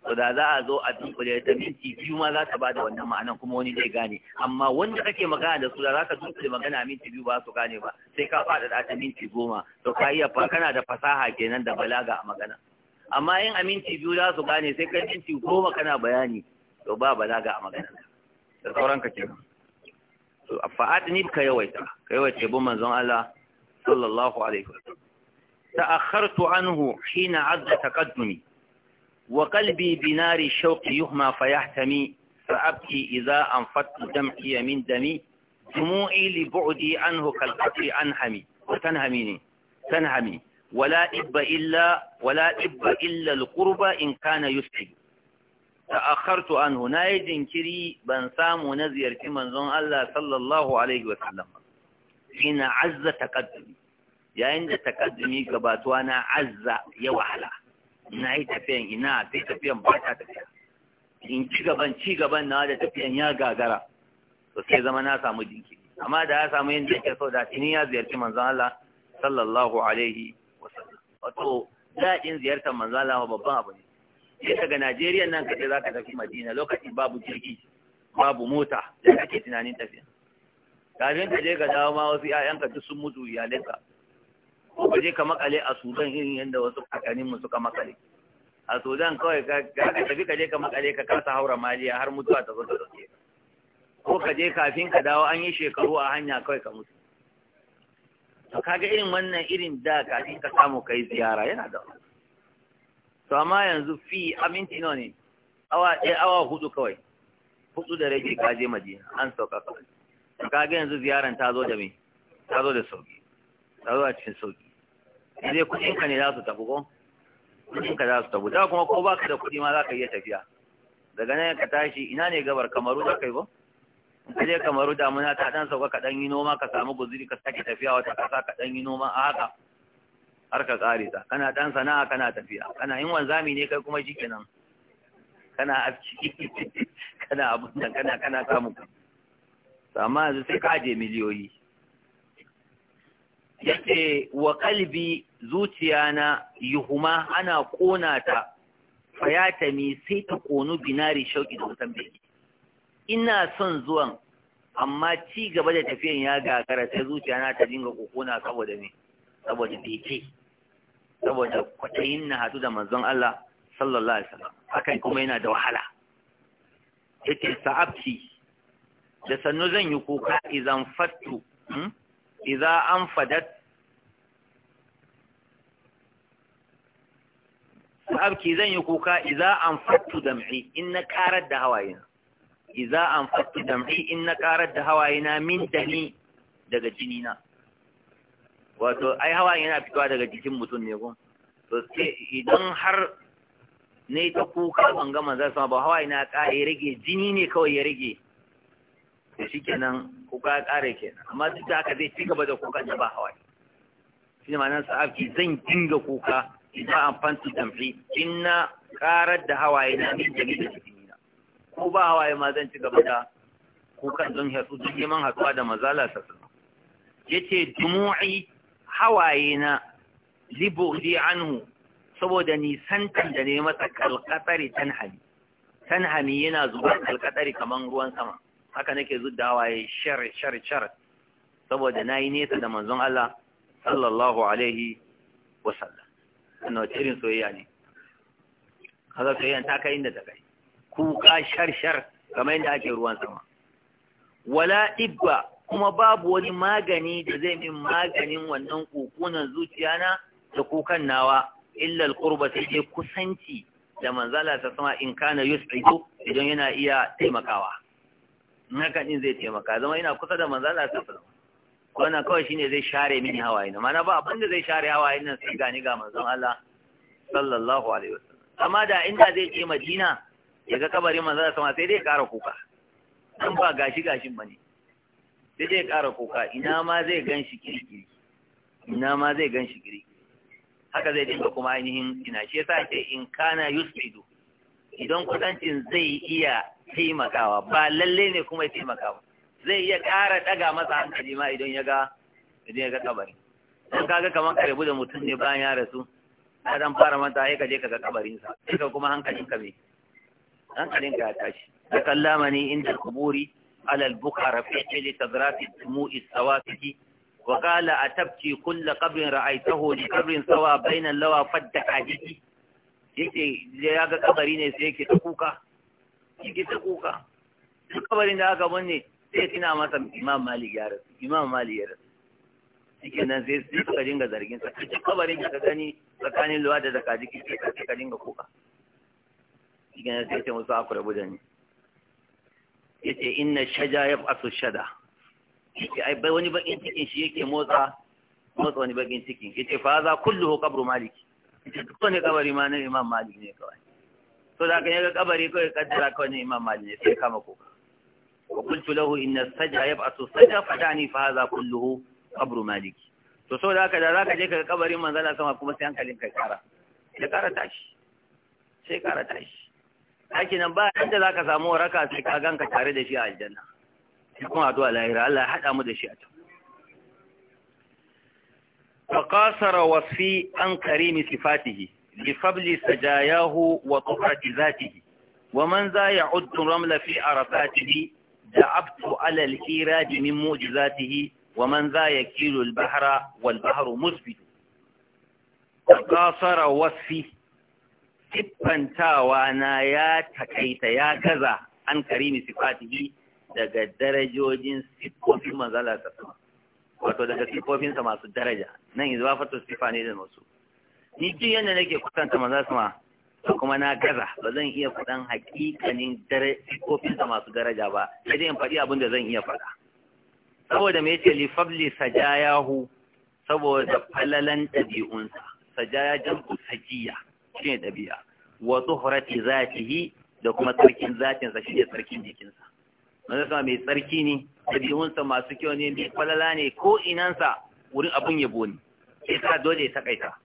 to da za a zo a dunkule ta minti biyu ma za ta ba da wannan ma'anan kuma wani zai gane amma wanda kake magana da su da za ka dunkule magana minti biyu ba su gane ba sai ka faɗaɗa ta minti goma to ka iya fa kana da fasaha kenan da balaga a magana amma in a minti biyu za su gane sai kai minti goma kana bayani to ba balaga a magana da sauranka a fa'adini ka yawaita ka yawaita Allah sallallahu alaihi wa ta'akhartu anhu hina azza taqaddumi wa qalbi bi nari shawqi yuhma fa yahtami fa abki idha anfatu dam'i min dami dumu'i li bu'di anhu kal qati anhami wa tanhamini tanhami wa la illa wa in kana yusbi ta'akhartu anhu nayi jinkiri ban samu na ziyarci manzon Allah sallallahu alaihi wa sallam ina azza taqaddumi yayin da taqaddumi gabatuwa na azza ya wahala nayi tafiyan ina sai tafiyan ba ta tafiya in ci gaban ci gaban na da tafiyan ya gagara to sai zama na samu jinkiri amma da ya samu yin jinkiri so da tuni ya ziyarci manzon Allah sallallahu alaihi wa sallam wato daɗin ziyartar manzon Allah babban abu ne sai daga Najeriya nan kaje za ka tafi Madina lokacin babu jirgi babu mota da kake tunanin tafiya kafin ka je ka dawo ma wasu ƴaƴanka duk sun mutu iyalinka. ko ka je ka makale a Sudan irin yadda wasu kakanin mu suka makale a Sudan kawai ka ka tafi ka je ka makale ka kasa haura maliya har mutuwa ta zo ta dauke ko ka je kafin ka dawo an yi shekaru a hanya kawai ka mutu to kaga irin wannan irin da kafin ka samu kai ziyara yana da wani to amma yanzu fi aminti nawa ne awa ɗaya awa hudu kawai hudu da rage ka je an sauka kawai ka ga yanzu ziyaran ta zo da me ta zo da sauki ta zo a cikin sauki yanzu kuɗin ka ne za su tafi ko kuɗin ka za su tafi da kuma ko ba ka da kuɗi ma za ka iya tafiya daga nan ka tashi ina ne gabar kamaru za ka yi ba ka je kamaru damuna ta dan sauka ka ɗan yi noma ka samu guziri ka sake tafiya wata kasa ka ɗan yi noma a haka har ka kare ta kana dan sana'a kana tafiya kana yin wanzami ne kai kuma shikenan kana afci kana abun nan kana kana samu amma yanzu sai ka je miliyoyi yace wa na zuciyana yuhuma ana kona ta fayatami sai ta konu binari shauki da wutan beki ina son zuwan amma ci gaba da tafiyan ya gagara sai zuciya na ta dinga kokona saboda me saboda beke saboda kwatayin na hatu da manzon Allah sallallahu alaihi wasallam hakan kuma yana da wahala yake sa'abti da sannu zan yi kuka idan fattu hmm? idza fadat sa'abki zan yi kuka idza fatu dam'i in na karar da hawayena idza fatu dam'i in na karar da hawayena min dani daga jinina wato ai hawa yana fitowa daga jikin mutum ne ko to sai idan har ne ta kuka ban ga manzo sama ba hawa yana ƙara ya rage jini ne kawai ya rage to shikenan kuka ya ƙare kenan amma duk da haka zai ci gaba da kuka da ba hawa shi ne ma'anar sa'afi zan dinga kuka idan an fanti tamfi in na ƙarar da hawaye na min jami da jini na ko ba hawaye ma zan ci gaba da kuka don hatsu duk neman hatsuwa da mazala sassan ya ce dumu'i hawaye na libughdi anhu saboda tan da ne masa kalkatari tanhami tanhami yana zubar kalkatari kamar ruwan sama haka nake zudda hawaye shar shar shar saboda na yi nesa da manzon Allah sallallahu alaihi wa sallam wannan soyayya ne kaza soyayya ta kai inda ta kai kuka shar shar kamar yadda ake ruwan sama wala ibba kuma babu wani magani da zai min maganin wannan kukunan zuciyana da kukan nawa illa qurba sai dai kusanci da manzala ta sama in kana yus'idu idan yana iya taimakawa haka din zai taimaka zama ina kusa da manzala ta sama wannan kawai shine zai share mini hawaye na mana ba abinda zai share hawaye nan sai gani ga manzon Allah sallallahu alaihi wasallam amma da inda zai je Madina ya ga kabarin manzala sama sai dai ya kara kuka dan ba gashi gashin bane sai zai ƙara kuka ina ma zai gan shi kirkiri ina ma zai gan shi kirkiri haka zai dinga kuma ainihin ina shi yasa ce in kana yusfidu idan kudancin zai iya taimakawa ba lalle ne kuma ya taimakawa. zai iya ƙara ɗaga masa hankali ma idan ya ga idan ya ga kabari don kaga kamar ka rabu da mutum ne bayan ya rasu ka dan fara manta sai ka je ka ga kabarinsa sai ka kuma hankalinka me hankalinka ya tashi ta ni inda kuburi على البقعة في لتذرات الدموع السوافك وقال أتبكي كل قبر رأيته لقبر سوى بين اللوى فد حاجتي yake ya ga kabari ne sai yake ta kuka yake ta kuka duk kabarin da aka wanne sai tuna masa imam mali ya rasu imam ya nan sai su suka dinga zargin sa duk kabarin da ka gani tsakanin luwa da kai sai ka dinga kuka shike nan sai ce musu akwai rabu da yace inna shaja yab'asu shada yace ai bai wani bakin cikin shi yake motsa motsa wani bakin cikin yace fa za kulluhu qabru maliki yace duk wani kabari ma na imam maliki ne kawai to da kan yaga kabari kawai kaddara kawai na imam maliki ne sai kama kuka wa qultu lahu inna saja yab'asu saja fadani fa kullu kulluhu qabru maliki to so da haka da zaka je ka kabarin manzala sama kuma sai hankalin ka kara ya kara tashi sai kara tashi aiki ba yadda za ka samu waraka sai ka tare da shi a aljanna shi kuma lahira Allah ya hada mu da shi a can fa an karimi sifatihi li fabli wa tuhrati zatihi wa manza za ya'uddu ramla fi arafatihi da'abtu ala al-hiraj min mu'jizatihi wa manza za yakilu al-bahra wal bahru siffantawa na ya takaita ya gaza an karimi sifatihi daga darajojin siffofin manzala ta sama wato daga siffofinsa masu daraja nan yanzu ba fata siffa ne da masu ni jin yadda nake kusanta manzala sama to kuma na gaza ba zan iya faɗan hakikanin siffofinsa masu daraja ba sai dai in faɗi abin da zan iya faɗa saboda me yace li fabli hu saboda falalan ɗabi'unsa sajaya jan sajiya ne dabi'a wa tuhurati yi da kuma tsarkin zatinsa shi shine tsarkin jikinsa manzo sama mai tsarki ne ɗabi'unsa masu kyau ne mai falala ne ko inansa wurin abun yabo ne sai ka dole ya taƙaita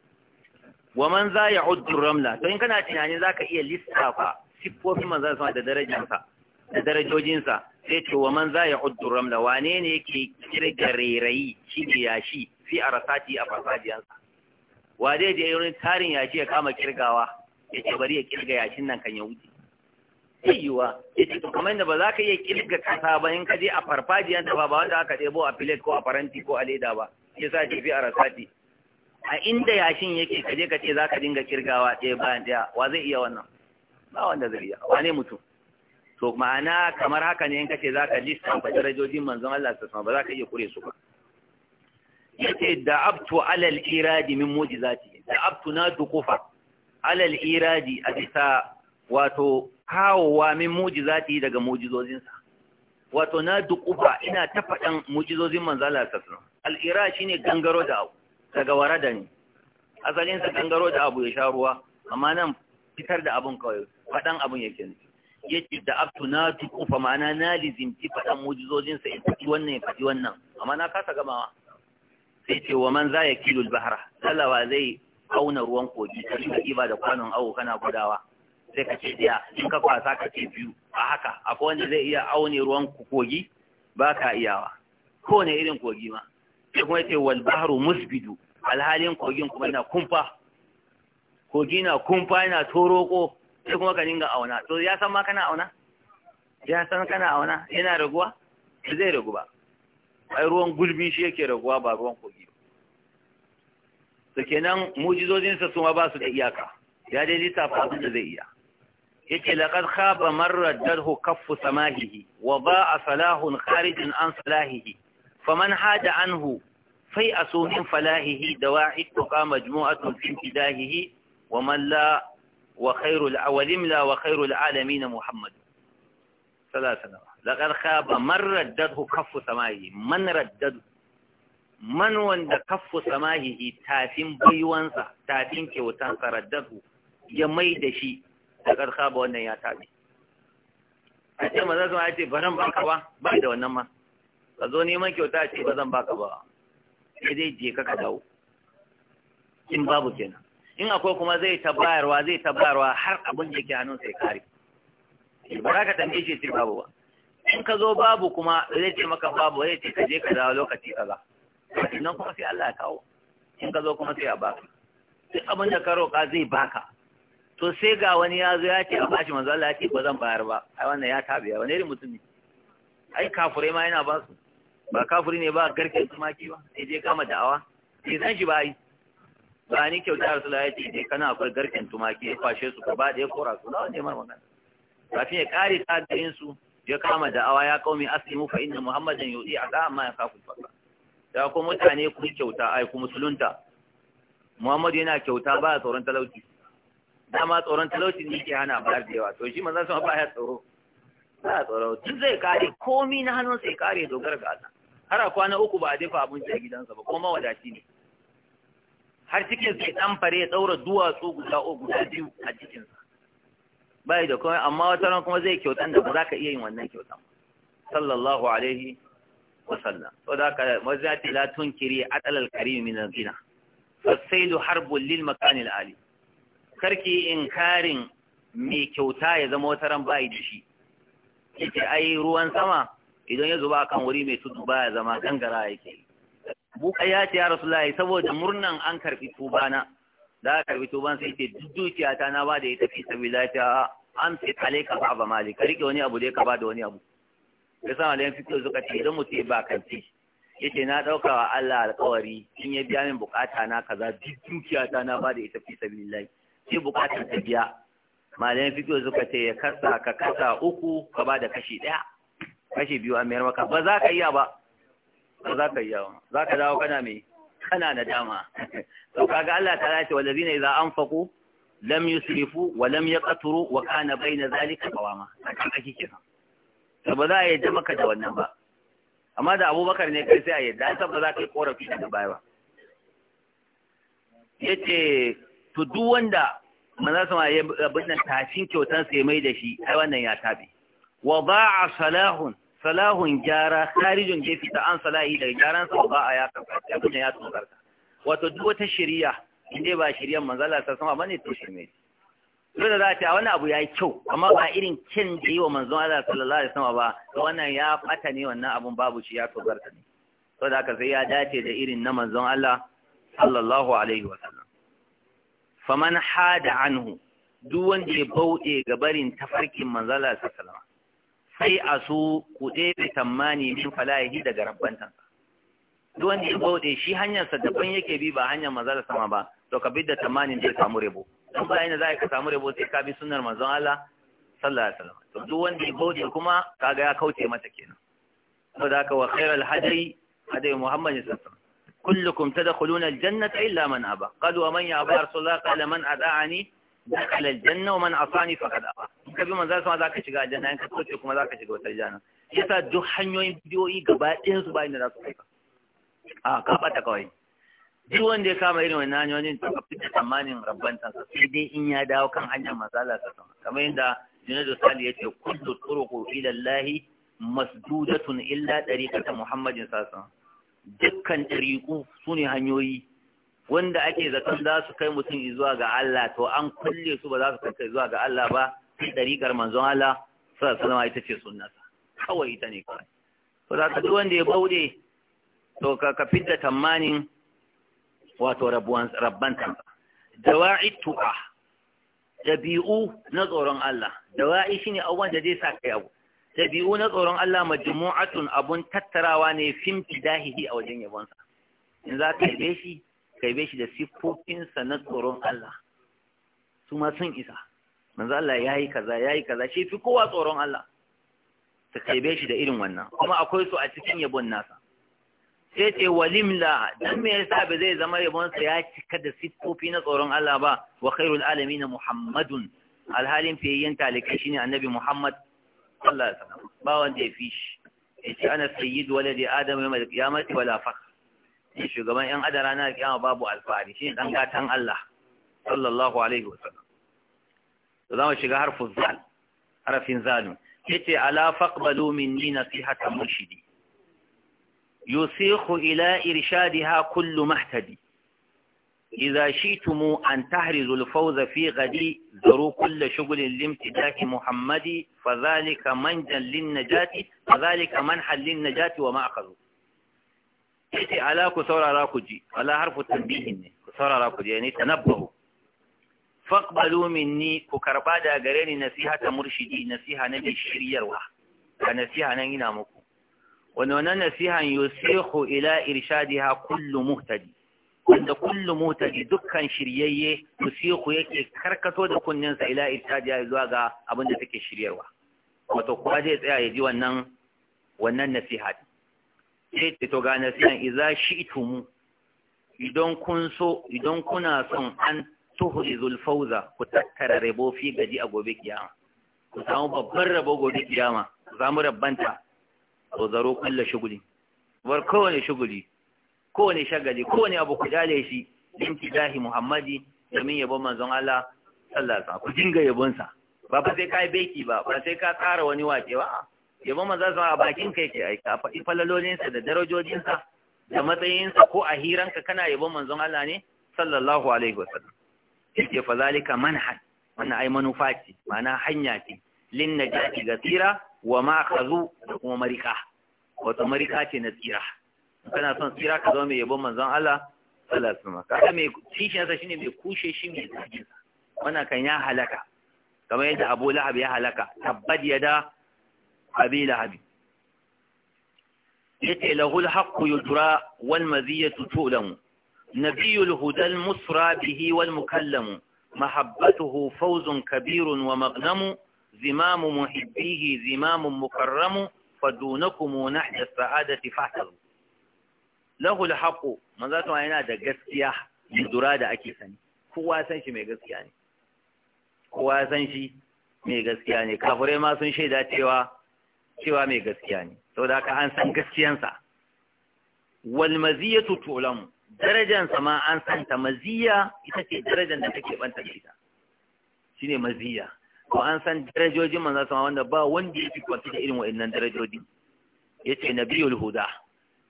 wa man za ya hudu ramla to in kana tunani ka iya lissafa siffofin manzo sa da darajarsa da darajojinsa sai ce wa man za ya hudu ramla wane ne yake kirga rairayi shi ne yashi fi arasati a fasajiyarsa? wa zai je wurin tarin yashi ya kama kirgawa ya ce bari ya kirga yashin nan kan ya wuce zai yiwa ya ce to kamar da ba za ka iya kirga kasa ba in ka je a farfajiyan ta ba ba wanda aka ɗebo a filet ko a faranti ko a leda ba ya sa jefi a rasati a inda yashin yake ka je ka ce za ka dinga kirgawa ɗaya bayan ɗaya wa zai iya wannan ba wanda zai iya wa ne mutum to ma'ana kamar haka ne in ka ce za ka lissa ba darajojin manzon Allah ta ba za ka iya kure su ba yace da'abtu alal iradi min mu'jizati da'abtu na dukufa alal iradi a bisa wato kawowa min mu'jizati daga mu'jizozinsa wato na dukufa ina ta faɗan mu'jizozin manzala sallallahu alaihi wasallam shine gangaro da abu daga warada ne sa gangaro da abu ya sha ruwa amma nan fitar da abun kawai faɗan abun yake ne yace da abtu na dukufa ma'ana na lizimci faɗan mu'jizozinsa in faɗi wannan ya fadi wannan amma na kasa gamawa sai ce wa man za ya kilul bahra talawa zai auna ruwan kogi ka shiga iba da kwanon awo kana gudawa sai ka ce ɗaya, in ka kwasa ka ce biyu a haka akwai wanda zai iya aune ruwan kogi ba ka iyawa kowane irin kogi ma sai kuma ce wal bahru musbidu alhalin kogin kuma na kumfa kogi na kumfa yana toroko sai kuma ka dinga auna to ya san ma kana auna ya san kana auna yana raguwa zai ragu ba ai ruwan gulbi shi yake raguwa ba ruwan kogi to kenan mujizojinsa su ma ba su da iyaka ya dai lissafa su da zai iya yake laqad khaba kafu kaffu samahihi wa ba'a salahun kharijin an salahihi faman hada anhu fai asuhin falahihi dawa'id tuqa majmu'atun fi imtidahihi wa man la wa khairul awalim la wa khairul alamin muhammad sallallahu laƙar khaba man raddadhu kaffu samahi man raddadhu man wanda kaffu samahi tafin baiwansa tafin kyautansa raddadhu ya mai da shi laƙar khaba wannan ya tabi a ce maza su ce ba zan baka ba ba da wannan ma ka zo neman kyauta ce ba zan baka ba sai dai ka ka dawo in babu kenan in akwai kuma zai ta zai ta har abin da ke hannun sai kare ba za ka tambaye shi sai babu ba in ka zo babu kuma zai ce maka babu zai ce ka je ka dawo lokaci kaza nan kuma sai Allah ya kawo in ka zo kuma sai a baka duk abin da ka roƙa zai baka to sai ga wani ya zo ya ce a bashi manzo Allah ya ce ba zan bayar ba ai wannan ya tabe wani irin mutum ne ai kafure ma yana ba su ba kafuri ne ba garke tumaki ba sai je kama da'awa sai san shi ba yi ba ni kyauta Rasulullah ya ce je kana akwai garken tumaki ya kwashe su ba da ya kora su lawa ne ma magana kafin kare tsarin su ya kama da'awa ya qaumi aslimu fa inna muhammadan yudi'a da ma ya kafu fasa da ku mutane ku kyauta ai ku musulunta muhammad yana kyauta ba tsoron talauci dama tsoron talauci ne yake hana ba da yawa to shi manzon sun ba ya tsoro ba tsoro tun zai kare komi na hannun sai kare dogara ga Allah har a kwana uku ba a dafa abinci a gidansa ba kuma wadaci ne har cikin sai dan fare ya daura duwatsu guda o guda biyu a sa bai da komai amma wata ran kuma zai kyautan da ba za ka iya yin wannan kyautan sallallahu alaihi wa sallam to da ka mazati la tunkiri adalal karim min al-ghina fasailu harbun lil makan al-ali karki inkarin mai kyauta ya zama wata ran bai da shi yake ai ruwan sama idan ya zuba kan wuri mai tudu baya zama gangara yake buka ya ce ya rasulullahi saboda murnan an karbi tubana da aka karbi tuban sai ce duk dukiya ta na bada ita fi sabila ta kale ka ba mali ka rike wani abu da ka bada wani abu ya sa malayan fito suka ce idan mutum ba kanti yace na dauka wa Allah alƙawari in ya biya min bukata na kaza duk dukiya ta na bada ita fi sabila sai bukata ta biya malayan fito suka ce ya kasa ka kasa uku ka bada kashi daya kashi biyu a mayar maka ba za ka iya ba ba za ka iya ba za ka dawo kana me kana nadama to kaga Allah ta ce wallazina idza anfaqu lam yusrifu wa lam yaqturu wa kana bayna zalika qawama kan aki kisa. to ba za a yadda maka da wannan ba amma da Abubakar ne kai sai a yadda san ba za ka yi korafi da baya ba yace to duk wanda manzo sama ya bin nan tashin kyautan sai mai da shi ai wannan ya tabe wa ba'a salahun salahun jara kharijun gefe ta an salahi daga jaran sa ba a ya kafa abin ya tsokarta wato duk wata shari'a in dai ba shari'ar manzala ta sama bane to shirme duk da za ta wani abu ya yi kyau amma ba irin kyan da yi wa manzon Allah sallallahu alaihi wasallam ba wannan ya fata ne wannan abun babu shi ya garka ne saboda haka sai ya dace da irin na manzon Allah sallallahu alaihi wasallam faman hada anhu duk wanda ya bauɗe ga barin tafarkin manzala sallallahu alaihi wasallam sai a su ku bi tammani min falahi daga rabbantansa duk wanda ya bude shi hanyarsa daban yake bi ba hanyar manzon sama ba to ka bi da tamanin zai samu rebo. don ba yana za ka samu rebo sai ka bi sunnar manzon Allah sallallahu alaihi wasallam to duk wanda ya bude kuma kaga ya kauce mata kenan saboda haka wa khairal hadayi hadayi muhammadin sallallahu alaihi wasallam كلكم تدخلون الجنة إلا من أبى قالوا ومن يأبى رسول الله قال من أدعني دخل الجنة ومن عصاني فقد أبى ka bi manzo sama zaka shiga aljanna in ka kauce kuma zaka shiga wata aljanna yasa duk hanyoyin bidiyoyi gaba ɗayan su bayin da za su kai a ka bata kawai duk wanda ya kama irin wannan hanyoyin to ka fita tsammanin rabban sa sai dai in ya dawo kan hanyar masala ta sama kamar yadda Junaidu Sali ya ce kullu turuqu ila Allah masdudatun illa tariqata Muhammadin sallallahu alaihi dukkan tariqu sune hanyoyi wanda ake zaton za su kai mutum zuwa ga Allah to an kulle su ba za su kai zuwa ga Allah ba dariƙar manzon Allah sallallahu alaihi wasallam ita ce sunnarsa kawai ita ne kawai to za ka duk wanda ya bauɗe to ka ka fidda tamanin wato rabban tamba dawa'i tuqa dabi'u na tsoron Allah dawa'i shine abubuwan da zai sa kai abu dabi'u na tsoron Allah majmu'atun abun tattarawa ne fim tidahihi a wajen yabonsa in za ka yabe shi ka yabe shi da siffofinsa na tsoron Allah su ma sun isa manzo Allah yayi kaza yayi kaza shi fi kowa tsoron Allah ta kaibe shi da irin wannan kuma akwai su a cikin yabon nasa sai ce walimla dan me yasa ba zai zama yabonsa ya cika da siffofi na tsoron Allah ba wa khairul alamin muhammadun alhalin fiyayyen talikai shine annabi muhammad sallallahu alaihi wasallam ba wanda ya fi shi yace ana sayyidu waladi adam yawm al-qiyamati wala fakh shugaban yan adam ranar kiyama babu alfahari shine dan gatan Allah sallallahu alaihi wasallam to zamu shiga harfin zal harfin zalu yace ala faqbalu minni nasihatan mushidi yusikhu ila irshadiha kullu mahtadi إذا شئتم أن تحرزوا الفوز في غدي ذروا كل شغل لامتداك محمد فذلك منجا للنجاة فذلك منحا للنجاة وما أخذوا إيتي على كسورة راكجي على حرف التنبيه كسورة راكجي يعني تنبهوا فاقبلوا مني كربادا غريني نصيحة مرشدي نصيحة نبي الشرير واحد نصيحة نينا مكو Wani wannan nasihan yusihu ila irshadiha kullu muhtadi wanda kullu muhtadi dukkan shiryayye yusihu yake karkato da kunninsa ila irshadiha zuwa ga abin da take shiryarwa wato kowa zai tsaya ya ji wannan wannan nasiha sai ce to ga nasihan idza shi'tumu idan kun so idan kuna son an tuhrizul fawza ku tattara rabo fi gaji a gobe kiyama ku samu babban rabo gobe kiyama ku samu rabbanta wa zaro kulla shuguli war kowane shuguli kowane shagali kowane abu ku dale shi din tidahi muhammadi domin yabon manzon Allah sallallahu alaihi ku dinga yabon sa ba ba sai kai beki ba ba sai ka tsara wani wace ba yabon manzon sa a bakin kai ke aika a faɗi falalolin sa da darajojin sa da matsayin sa ko a hiran ka kana yabon manzon Allah ne sallallahu alaihi wasallam yake fa zalika manhaj wannan ai manufa ce ma'ana hanya ce lin najati gasira wa ma da kuma marika Wata marika ce na tsira kana son tsira ka zama mai yabon manzon Allah sallallahu alaihi wasallam kaga mai sa shine mai kushe shi mai tsaji wannan kan ya halaka kamar yadda Abu Lahab ya halaka tabbad yada Abi Lahab yace lahul haqqu yudra wal maziyatu tulamu nabiyul hudal musra bihi wal mukallamu mahabbatuhu fawzun kabirun wa magnamu zimamu muhibbihi zimamun mukarramu fadunakumu nahda sa'adati fahtaru lahu alhaqu manzo kuma yana da gaskiya dura da ake sani kowa san shi mai gaskiya ne kowa san shi mai gaskiya ne kafirai ma sun shaida cewa cewa mai gaskiya ne saboda haka an san gaskiyansa wal maziyatu tulamu darajansa ma an santa maziya ita ce darajar da take banta da ita shine maziya to an san darajojin manzon sama wanda ba wanda ya fi kwanci da irin wa'annan darajoji yace nabiyul huda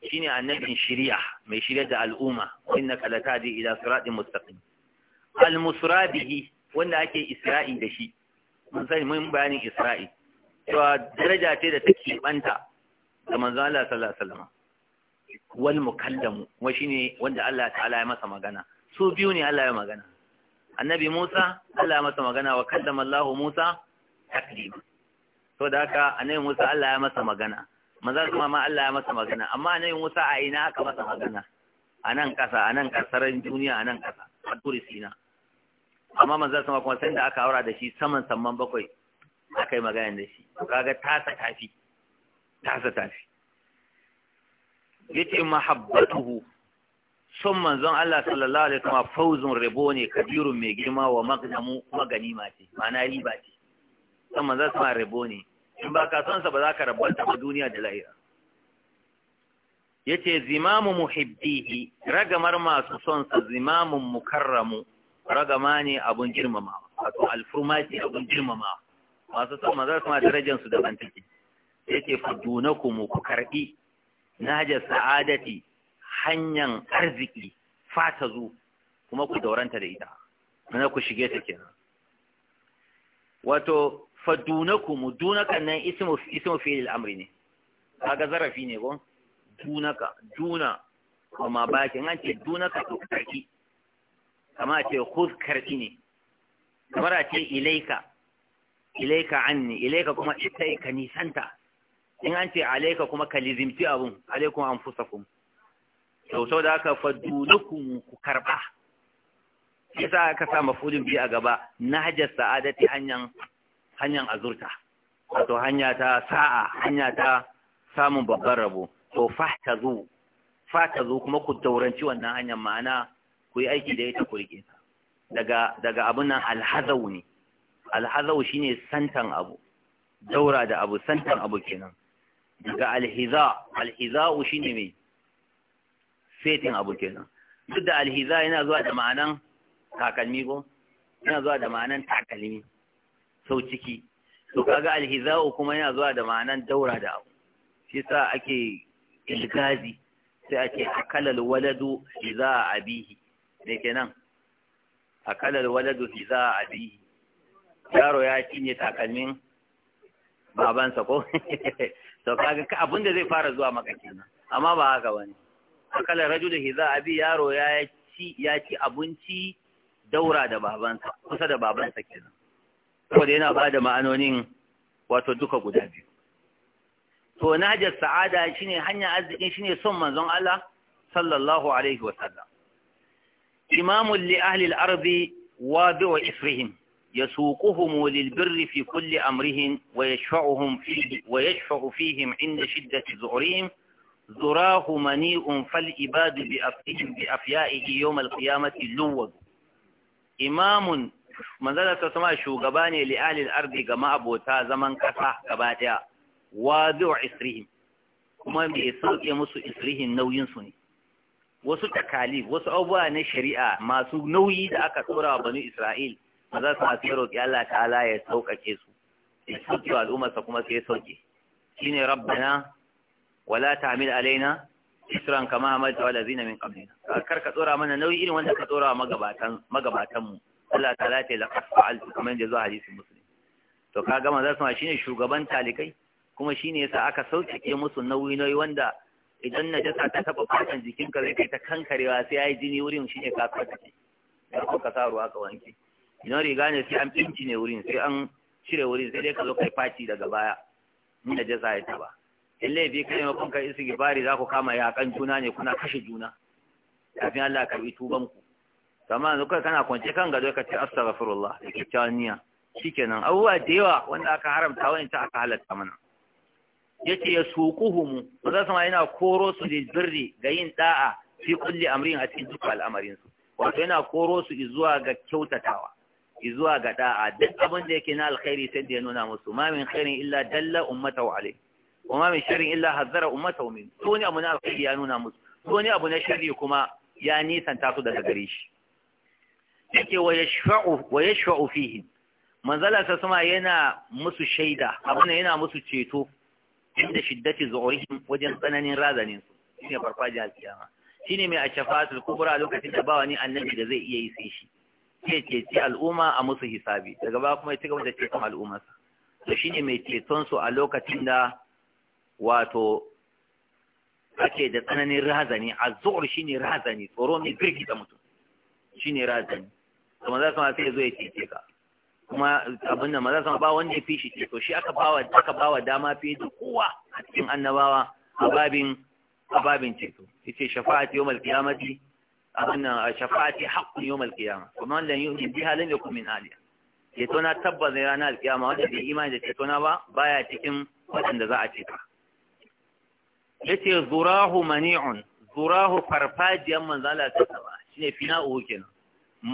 shine annabin shiriya mai shirya da al'umma innaka latadi ila siratin mustaqim al-musra bihi wanda ake isra'i da shi mun sani mun bayanin isra'i to daraja ce da take banta da manzon Allah sallallahu alaihi wasallam wal mukallamu wa shine wanda Allah ta'ala ya masa magana su biyu ne Allah ya magana annabi Musa Allah ya masa magana wa kallama Allah Musa taklima to da haka annabi Musa Allah ya masa magana manzon kuma ma Allah ya masa magana amma annabi Musa a ina aka masa magana a nan kasa a nan kasaran duniya a nan kasa a turisina amma manzon kuma kuma sai da aka aura da shi saman samman bakwai aka yi magana da shi kaga tasa tafi tasa tafi yace mahabbatuhu sun manzon Allah sallallahu alaihi wasallam fauzun rabo ne kabirun mai girma wa magani maganima ce ma'ana riba ce sun manzon sa rabo ne in ba ka son sa ba za ka rabanta ba duniya da lahira yace zimamu muhibbihi ragamar masu son sa zimamun mukarramu ragama ne abun girmama, wato alfurma abun girmama. masu son manzon sa darajar su daban take yace fudunakum ku karbi naja sa'adati hanyar arziki fata zu kuma ku dauranta da ita mana ku shige ta kenan wato fadunakum dunakan nan ismu ismu fi'il al-amri ne kaga zarafi ne go? dunaka duna kuma ba ki. an ce dunaka to karki kama ce khudh karki ne kamar a ce ilaika ilaika anni ilaika kuma ita ka nisanta in an ce alaika kuma ka lizimti abun alaikum anfusakum to sau da aka fadunukun ku karba yasa aka sa mafudin biyu a gaba na hajjar sa'adati hanyar hanyar azurta wato hanya ta sa'a hanya ta samun babbar rabo to fahtazu fahtazu kuma ku dauranci wannan hanyar ma'ana ku yi aiki da ita ku rike daga daga abun nan alhazau ne alhazau shine santan abu daura da abu santan abu kenan daga alhiza shi shine mai Fetin abu kenan duk da alhiza yana zuwa da ma'anan takalmi ko yana zuwa da ma'anan takalmi sau ciki to kaga alhiza kuma yana zuwa da ma'anan daura da abu shi sa ake ilgazi sai ake akalal waladu hiza'a abihi ne kenan akalal waladu a abihi yaro ya cinye takalmin babansa ko to kaga abin da zai fara zuwa maka kenan amma ba haka bane akala rajulun hiza abi yaro ya ci ya ci abinci daura da babansa kusa da babansa kenan saboda yana ba da ma'anonin wato duka guda biyu to najar sa'ada shine hanya arzikin shine son manzon Allah sallallahu alaihi wa sallam imamun li ahli al-ardi wadi'u ifrihim يسوقهم للبر في كل أمرهم ويشفعهم فيه ويشفع فيهم عند شدة zurahu mani'un fal ibadu bi afihim bi afya'ihi yawm al-qiyamati luwad imamun manzala ta sama shugaba ne li ahli ga ma'abota zaman kasa gaba daya wadi'u isrihim kuma mai sauke musu isrihim nauyin ne wasu takali wasu abubuwa na shari'a masu nauyi da aka tsora wa banu Isra'il ba za su masu roƙi Allah ta'ala ya sauƙaƙe su ya sauƙe wa al'ummarsa kuma sai ya sauƙe shine rabbana wala amil alaina isran kama hamalta wa lazina min qablina kar ka tsora mana nauyi irin wanda ka tsora magabatan magabatan mu Allah ta lati la qafal kuma inda zuwa hadisin muslim to ka gama zasu ma shine shugaban talikai kuma shine yasa aka sauke musu nauyi nauyi wanda idan na jasa ta taba fatan jikinka zai kai ta kankarewa sai yayi jini wurin shine ka ki da ko ka sa ruwa ka wanke idan riga ne sai an pinci ne wurin sai an cire wurin sai dai ka zo kai fati daga baya in jasa ya taba in laifi kai ma kun kai gibari za ku kama yakan juna ne kuna kashe juna kafin Allah ka bi tuban ku kamar yanzu kai kana kwance kan gado ka ce astaghfirullah da kyakkyawan niyya shikenan abubuwa da yawa wanda aka haramta wani ta aka halatta mana yace ya suquhum ba za su ma yana koro su da birri ga yin da'a fi kulli amrin a cikin duk al'amarin su wato yana koro su zuwa ga kyautatawa zuwa ga da'a duk abin da yake na alkhairi sai da ya nuna musu ma min khairin illa dalla ummatahu alayhi wa ma min sharrin illa hazzara ummatahu min to ne abu na alkhairi ya nuna musu to ne abu na sharri kuma ya nisanta su daga gare shi yake wa yashfa'u wa yashfa'u fihi manzala sa sama yana musu shaida abuna yana musu ceto inda shiddati zu'urihim wajen tsananin razanin su shine farfajin alkiyama shine mai ashfatul kubra lokacin da ba wani annabi da zai iya yi sai shi sai ceci al'umma a musu hisabi daga ba kuma ya ci gaba da ceton al'ummarsa to shine mai ceton su a lokacin da wato ake da tsananin razani a shi ne razani tsoro ne da mutum shi ne razani to maza sama sai zo ya cece ka kuma abin da maza sama ba wanda ya fi shi to shi aka bawa aka bawa dama fiye da kowa a cikin annabawa a babin a babin ceto yace shafa'ati yawmal qiyamati abin nan shafa'ati haqqun yawmal qiyamah kuma wanda yu'min biha lan yakun min aliya ceto na tabbata ranar alkiyama wanda bai imani da ceto na ba baya cikin waɗanda za a ceta yace zurahu mani'un zurahu farfajiyan manzo Allah ta saba shine fina'u kenan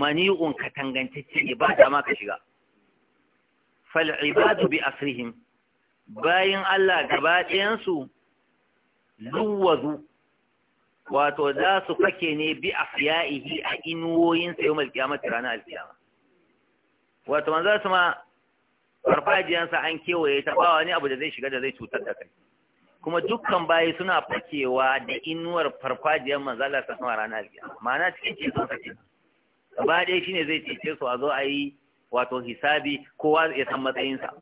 mani'un katangantacce ne ba dama ka shiga fal ibadu bi asrihim bayin Allah gaba ɗayan su luwazu wato za su fake ne bi a fiya'ihi a inuwoyinsa yau ta ranar alkiyama wato man za su ma farfajiyansa an kewaye ta ba wani abu da zai shiga da zai cutar da kai kuma dukkan bayi suna fakewa da inuwar farfajiyar manzala ta sama ranar alkiyama ma'ana cikin ceton sun sake gaba ɗaya shine zai cece su a zo a yi wato hisabi kowa ya san matsayinsa